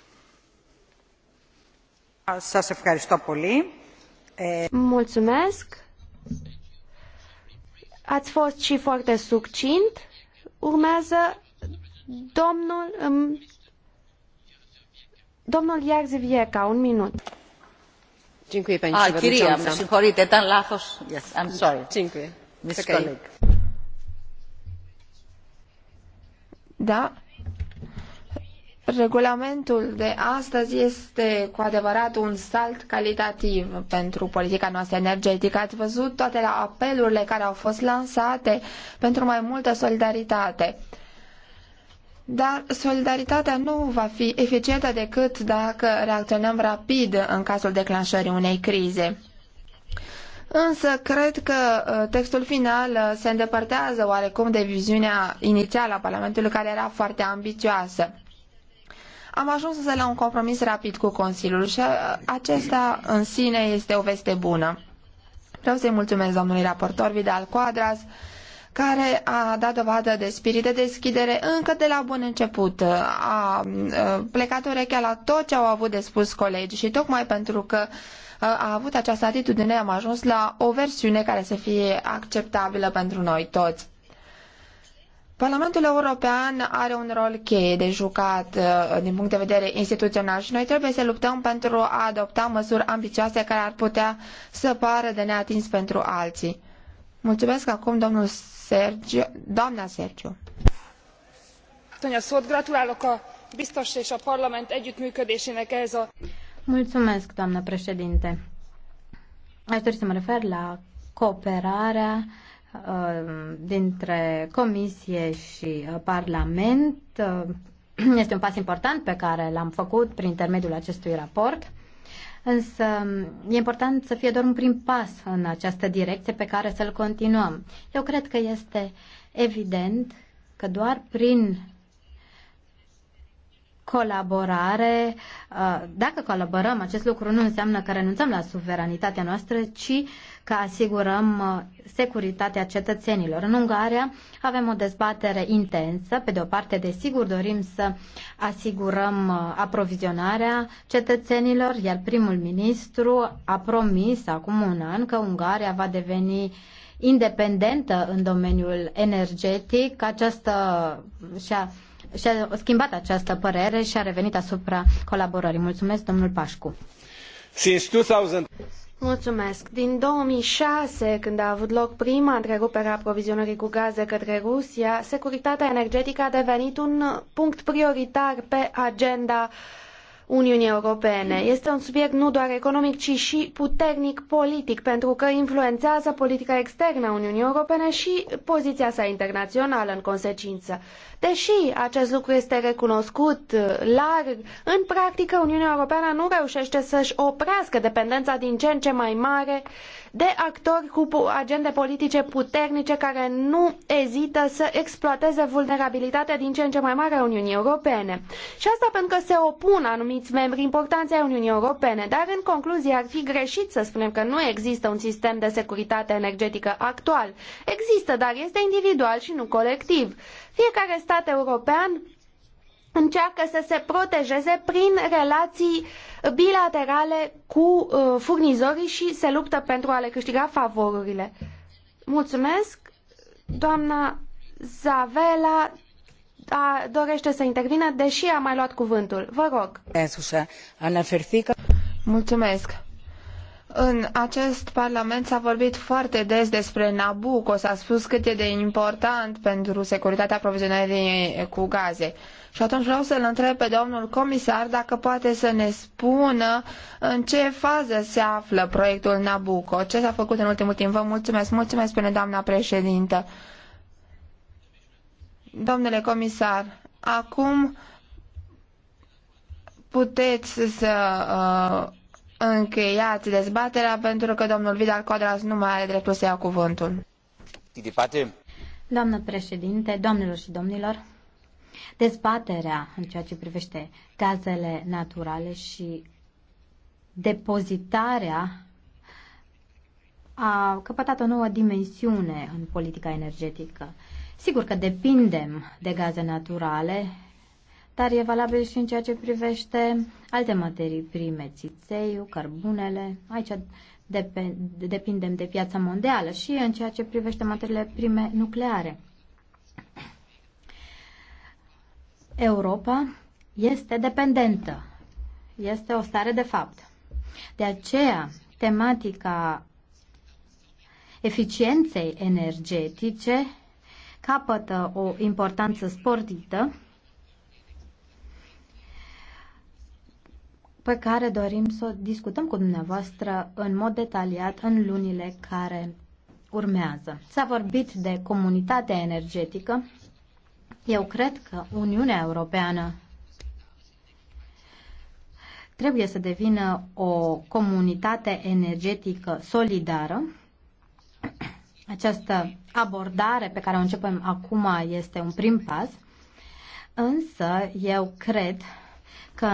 Mulțumesc. Ați fost și foarte succint. Urmează domnul um, domnul domnul vieca un minut. ah, przewodnicząca. Συγχωρείτε, ήταν λάθος. Yes, I'm sorry. okay. colleague. Da, Regulamentul de astăzi este cu adevărat un salt calitativ pentru politica noastră energetică. Ați văzut toate apelurile care au fost lansate pentru mai multă solidaritate. Dar solidaritatea nu va fi eficientă decât dacă reacționăm rapid în cazul declanșării unei crize. Însă cred că uh, textul final uh, se îndepărtează oarecum de viziunea inițială a Parlamentului care era foarte ambițioasă. Am ajuns însă la un compromis rapid cu Consiliul și uh, acesta în sine este o veste bună. Vreau să-i mulțumesc domnului raportor Vidal Quadras, care a dat dovadă de spirit de deschidere încă de la bun început. Uh, a uh, plecat urechea la tot ce au avut de spus colegii și tocmai pentru că a avut această atitudine am ajuns la o versiune care să fie acceptabilă pentru noi toți. Parlamentul European are un rol cheie de jucat uh, din punct de vedere instituțional și noi trebuie să luptăm pentru a adopta măsuri ambițioase care ar putea să pară de neatins pentru alții. Mulțumesc acum domnul Sergio, doamna Sergio. Gratulálok a biztos és a parlament együttműködésének ehhez Mulțumesc, doamnă președinte. Aș dori să mă refer la cooperarea Uh, dintre Comisie și uh, Parlament. Uh, este un pas important pe care l-am făcut prin intermediul acestui raport. Însă e important să fie doar un prim pas în această direcție pe care să-l continuăm. Eu cred că este evident că doar prin colaborare, uh, dacă colaborăm, acest lucru nu înseamnă că renunțăm la suveranitatea noastră, ci că asigurăm uh, securitatea cetățenilor. În Ungaria avem o dezbatere intensă. Pe de o parte, desigur, dorim să asigurăm uh, aprovizionarea cetățenilor, iar primul ministru a promis acum un an că Ungaria va deveni independentă în domeniul energetic. Această și-a și-a schimbat această părere și a revenit asupra colaborării. Mulțumesc, domnul Pașcu. Since 2000... Mulțumesc. Din 2006, când a avut loc prima întrerupere a provizionării cu gaze către Rusia, securitatea energetică a devenit un punct prioritar pe agenda uh, Uniunii Europene. Este un subiect nu doar economic, ci și puternic politic, pentru că influențează politica externă a Uniunii Europene și poziția sa internațională în consecință. Deși acest lucru este recunoscut larg, în practică Uniunea Europeană nu reușește să-și oprească dependența din ce în ce mai mare de actori cu agende politice puternice care nu ezită să exploateze vulnerabilitatea din ce în ce mai mare a Uniunii Europene. Și asta pentru că se opun anumiți membri importanței a Uniunii Europene, dar în concluzie ar fi greșit să spunem că nu există un sistem de securitate energetică actual. Există, dar este individual și nu colectiv. Fiecare stat european încearcă să se protejeze prin relații bilaterale cu uh, furnizorii și se luptă pentru a le câștiga favorurile. Mulțumesc. Doamna Zavela a, dorește să intervină, deși a mai luat cuvântul. Vă rog. Mulțumesc. În acest parlament s-a vorbit foarte des despre Nabucco, s-a spus cât e de important pentru securitatea aprovizionării cu gaze. Și atunci vreau să-l întreb pe domnul comisar dacă poate să ne spună în ce fază se află proiectul Nabucco, ce s-a făcut în ultimul timp. Vă mulțumesc, mulțumesc, spune doamna președintă. Domnule comisar, acum puteți să uh, încheiat dezbaterea pentru că domnul Vidal Codras nu mai are dreptul să ia cuvântul. Doamnă președinte, doamnelor și domnilor, dezbaterea în ceea ce privește gazele naturale și depozitarea a căpătat o nouă dimensiune în politica energetică. Sigur că depindem de gaze naturale dar e valabil și în ceea ce privește alte materii prime, țițeiul, cărbunele. Aici depindem de piața mondială și în ceea ce privește materiile prime nucleare. Europa este dependentă. Este o stare de fapt. De aceea, tematica eficienței energetice capătă o importanță sporită pe care dorim să o discutăm cu dumneavoastră în mod detaliat în lunile care urmează. S-a vorbit de comunitatea energetică. Eu cred că Uniunea Europeană trebuie să devină o comunitate energetică solidară. Această abordare pe care o începem acum este un prim pas, însă eu cred că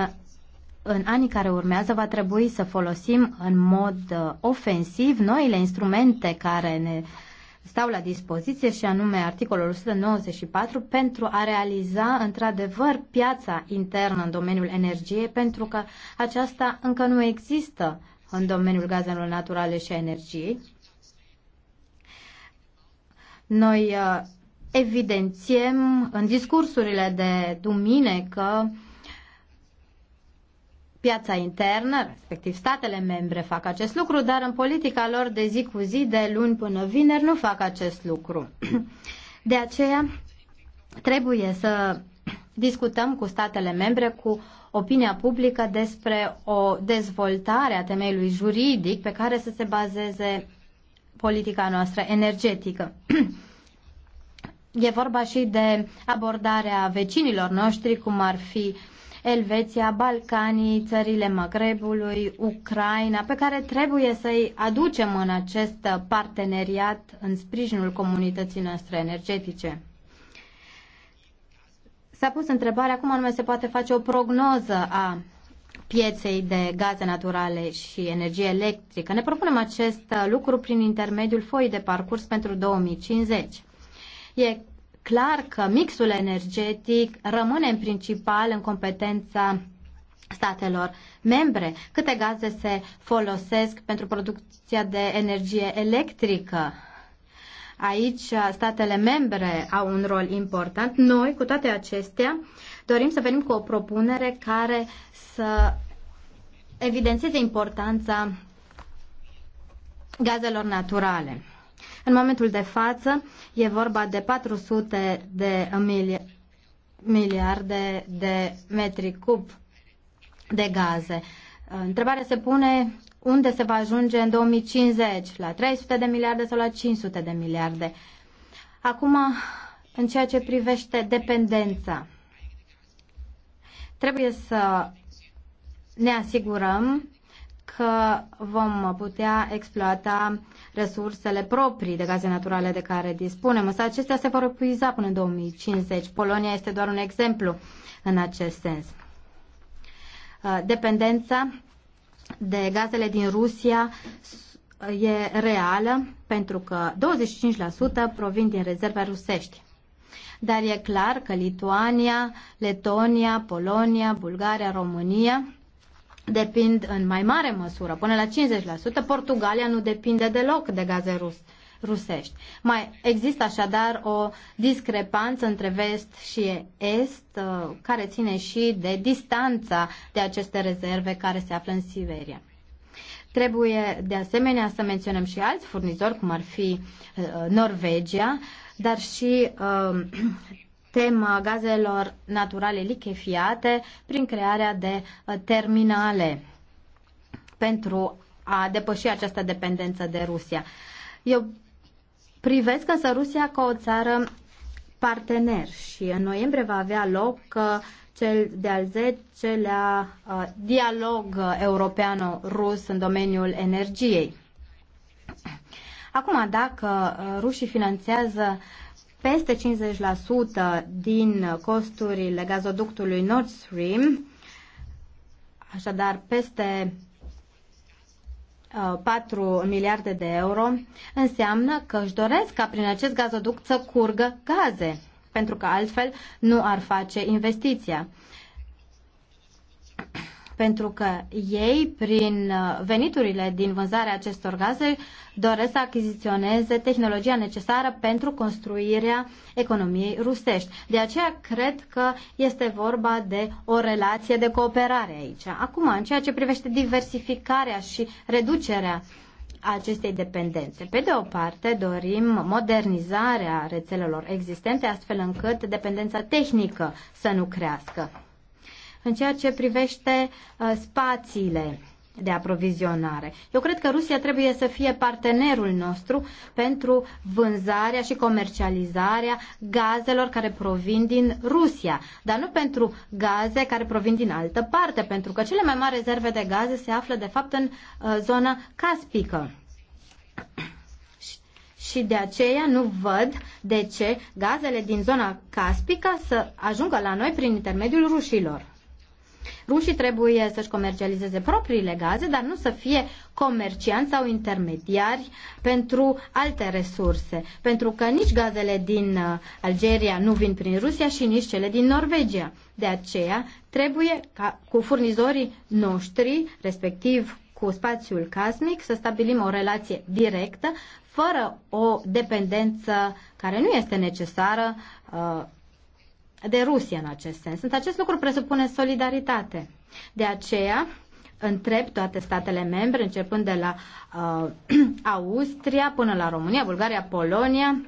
în anii care urmează va trebui să folosim în mod uh, ofensiv noile instrumente care ne stau la dispoziție și anume articolul 194 pentru a realiza într-adevăr piața internă în domeniul energiei pentru că aceasta încă nu există în domeniul gazelor naturale și a energiei. Noi uh, evidențiem în discursurile de duminică piața internă, respectiv statele membre fac acest lucru, dar în politica lor de zi cu zi, de luni până vineri, nu fac acest lucru. De aceea trebuie să discutăm cu statele membre, cu opinia publică despre o dezvoltare a temeiului juridic pe care să se bazeze politica noastră energetică. E vorba și de abordarea vecinilor noștri, cum ar fi uh, Elveția, Balcanii, țările Magrebului, Ucraina, pe care trebuie să-i aducem în acest parteneriat în sprijinul comunității noastre energetice. S-a pus întrebarea cum anume se poate face o prognoză a pieței de gaze naturale și energie electrică. Ne propunem acest lucru prin intermediul foii de parcurs pentru 2050. E clar că mixul energetic rămâne în principal în competența statelor membre, câte gaze se folosesc pentru producția de energie electrică. Aici statele membre au un rol important. Noi, cu toate acestea, dorim să venim cu o propunere care să evidențieze importanța gazelor naturale. În momentul de față e vorba de 400 de miliarde de metri cub de gaze. Uh, întrebarea se pune unde se va ajunge în 2050, la 300 de miliarde sau la 500 de miliarde. Acum, în ceea ce privește dependența, trebuie să ne asigurăm că vom putea exploata resursele proprii de gaze naturale de care dispunem, însă acestea se vor epuiza până în 2050. Polonia este doar un exemplu în acest sens. Uh, dependența de gazele din Rusia e reală pentru că 25% provin din rezerve rusești. Dar e clar că Lituania, Letonia, Polonia, Bulgaria, România depind în mai mare măsură, până la 50%, Portugalia nu depinde deloc de gaze rus, rusești. Mai există așadar o discrepanță între vest și est, uh, care ține și de distanța de aceste rezerve care se află în Siberia. Trebuie de asemenea să menționăm și alți furnizori, cum ar fi uh, uh, Norvegia, dar și uh, tema gazelor naturale lichefiate prin crearea de uh, terminale pentru a depăși această dependență de Rusia. Eu privesc însă Rusia ca o țară partener și în noiembrie va avea loc uh, cel de-al 10-lea uh, dialog europeano-rus în domeniul energiei. Acum, dacă rușii finanțează uh, peste 50% din costurile gazoductului Nord Stream, așadar peste 4 uh, miliarde de euro, înseamnă că își doresc ca prin acest gazoduct să curgă gaze, pentru că altfel nu ar face investiția pentru că ei, prin uh, veniturile din vânzarea acestor gaze, doresc să achiziționeze tehnologia necesară pentru construirea economiei rusești. De aceea cred că este vorba de o relație de cooperare aici. Acum, în ceea ce privește diversificarea și reducerea acestei dependențe. Pe de o parte, dorim modernizarea rețelelor existente astfel încât dependența tehnică să nu crească în ceea ce privește uh, spațiile de aprovizionare. Eu cred că Rusia trebuie să fie partenerul nostru pentru vânzarea și comercializarea gazelor care provin din Rusia, dar nu pentru gaze care provin din altă parte, pentru că cele mai mari rezerve de gaze se află de fapt în uh, zona caspică. Și de aceea nu văd de ce gazele din zona caspică să ajungă la noi prin intermediul rușilor. Rușii trebuie să-și comercializeze propriile gaze, dar nu să fie comercianți sau intermediari pentru alte resurse, pentru că nici gazele din uh, Algeria nu vin prin Rusia și nici cele din Norvegia. De aceea trebuie ca cu furnizorii noștri, respectiv cu spațiul casmic, să stabilim o relație directă, fără o dependență care nu este necesară uh, de Rusia în acest sens. Însă acest lucru presupune solidaritate. De aceea, întreb toate statele membre, începând de la uh, Austria până la România, Bulgaria, Polonia,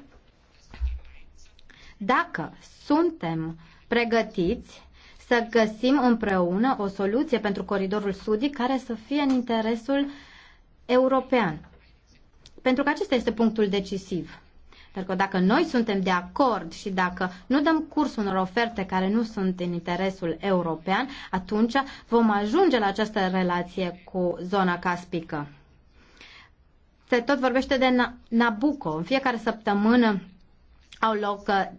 dacă suntem pregătiți să găsim împreună o soluție pentru coridorul sudic care să fie în interesul european. Pentru că acesta este punctul decisiv. Pentru că dacă noi suntem de acord și dacă nu dăm curs unor oferte care nu sunt în interesul european, atunci vom ajunge la această relație cu zona caspică. Se tot vorbește de Nabucco. În fiecare săptămână au loc uh,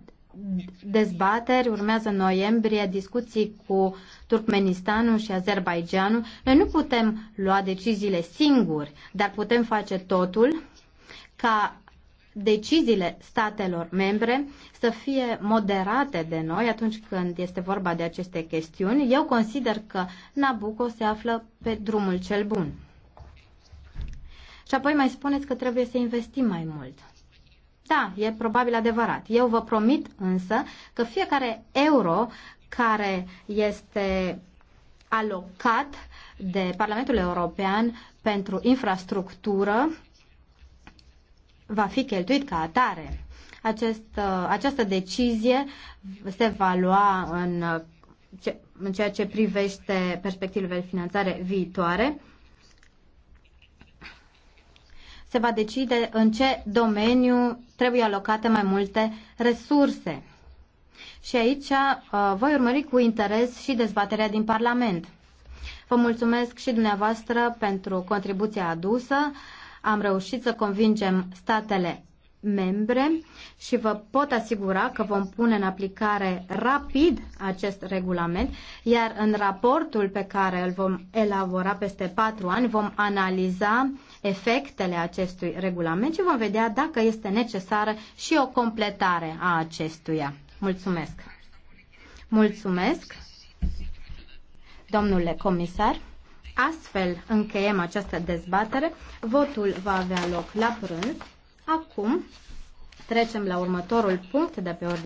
dezbateri, urmează în noiembrie discuții cu Turkmenistanul și Azerbaijanul. Noi nu putem lua deciziile singuri, dar putem face totul ca deciziile statelor membre să fie moderate de noi atunci când este vorba de aceste chestiuni, eu consider că Nabucco se află pe drumul cel bun. Și apoi mai spuneți că trebuie să investim mai mult. Da, e probabil adevărat. Eu vă promit însă că fiecare euro care este alocat de Parlamentul European pentru infrastructură va fi cheltuit ca atare. Acest, uh, această decizie se va lua în, în ceea ce privește perspectivele de finanțare viitoare. Se va decide în ce domeniu trebuie alocate mai multe resurse. Și aici uh, voi urmări cu interes și dezbaterea din Parlament. Vă mulțumesc și dumneavoastră pentru contribuția adusă. Am reușit să convingem statele membre și vă pot asigura că vom pune în aplicare rapid acest regulament, iar în raportul pe care îl vom elabora peste patru ani vom analiza efectele acestui regulament și vom vedea dacă este necesară și o completare a acestuia. Mulțumesc! Mulțumesc, domnule comisar! Astfel încheiem această dezbatere. Votul va avea loc la prânz. Acum trecem la următorul punct de pe ordine.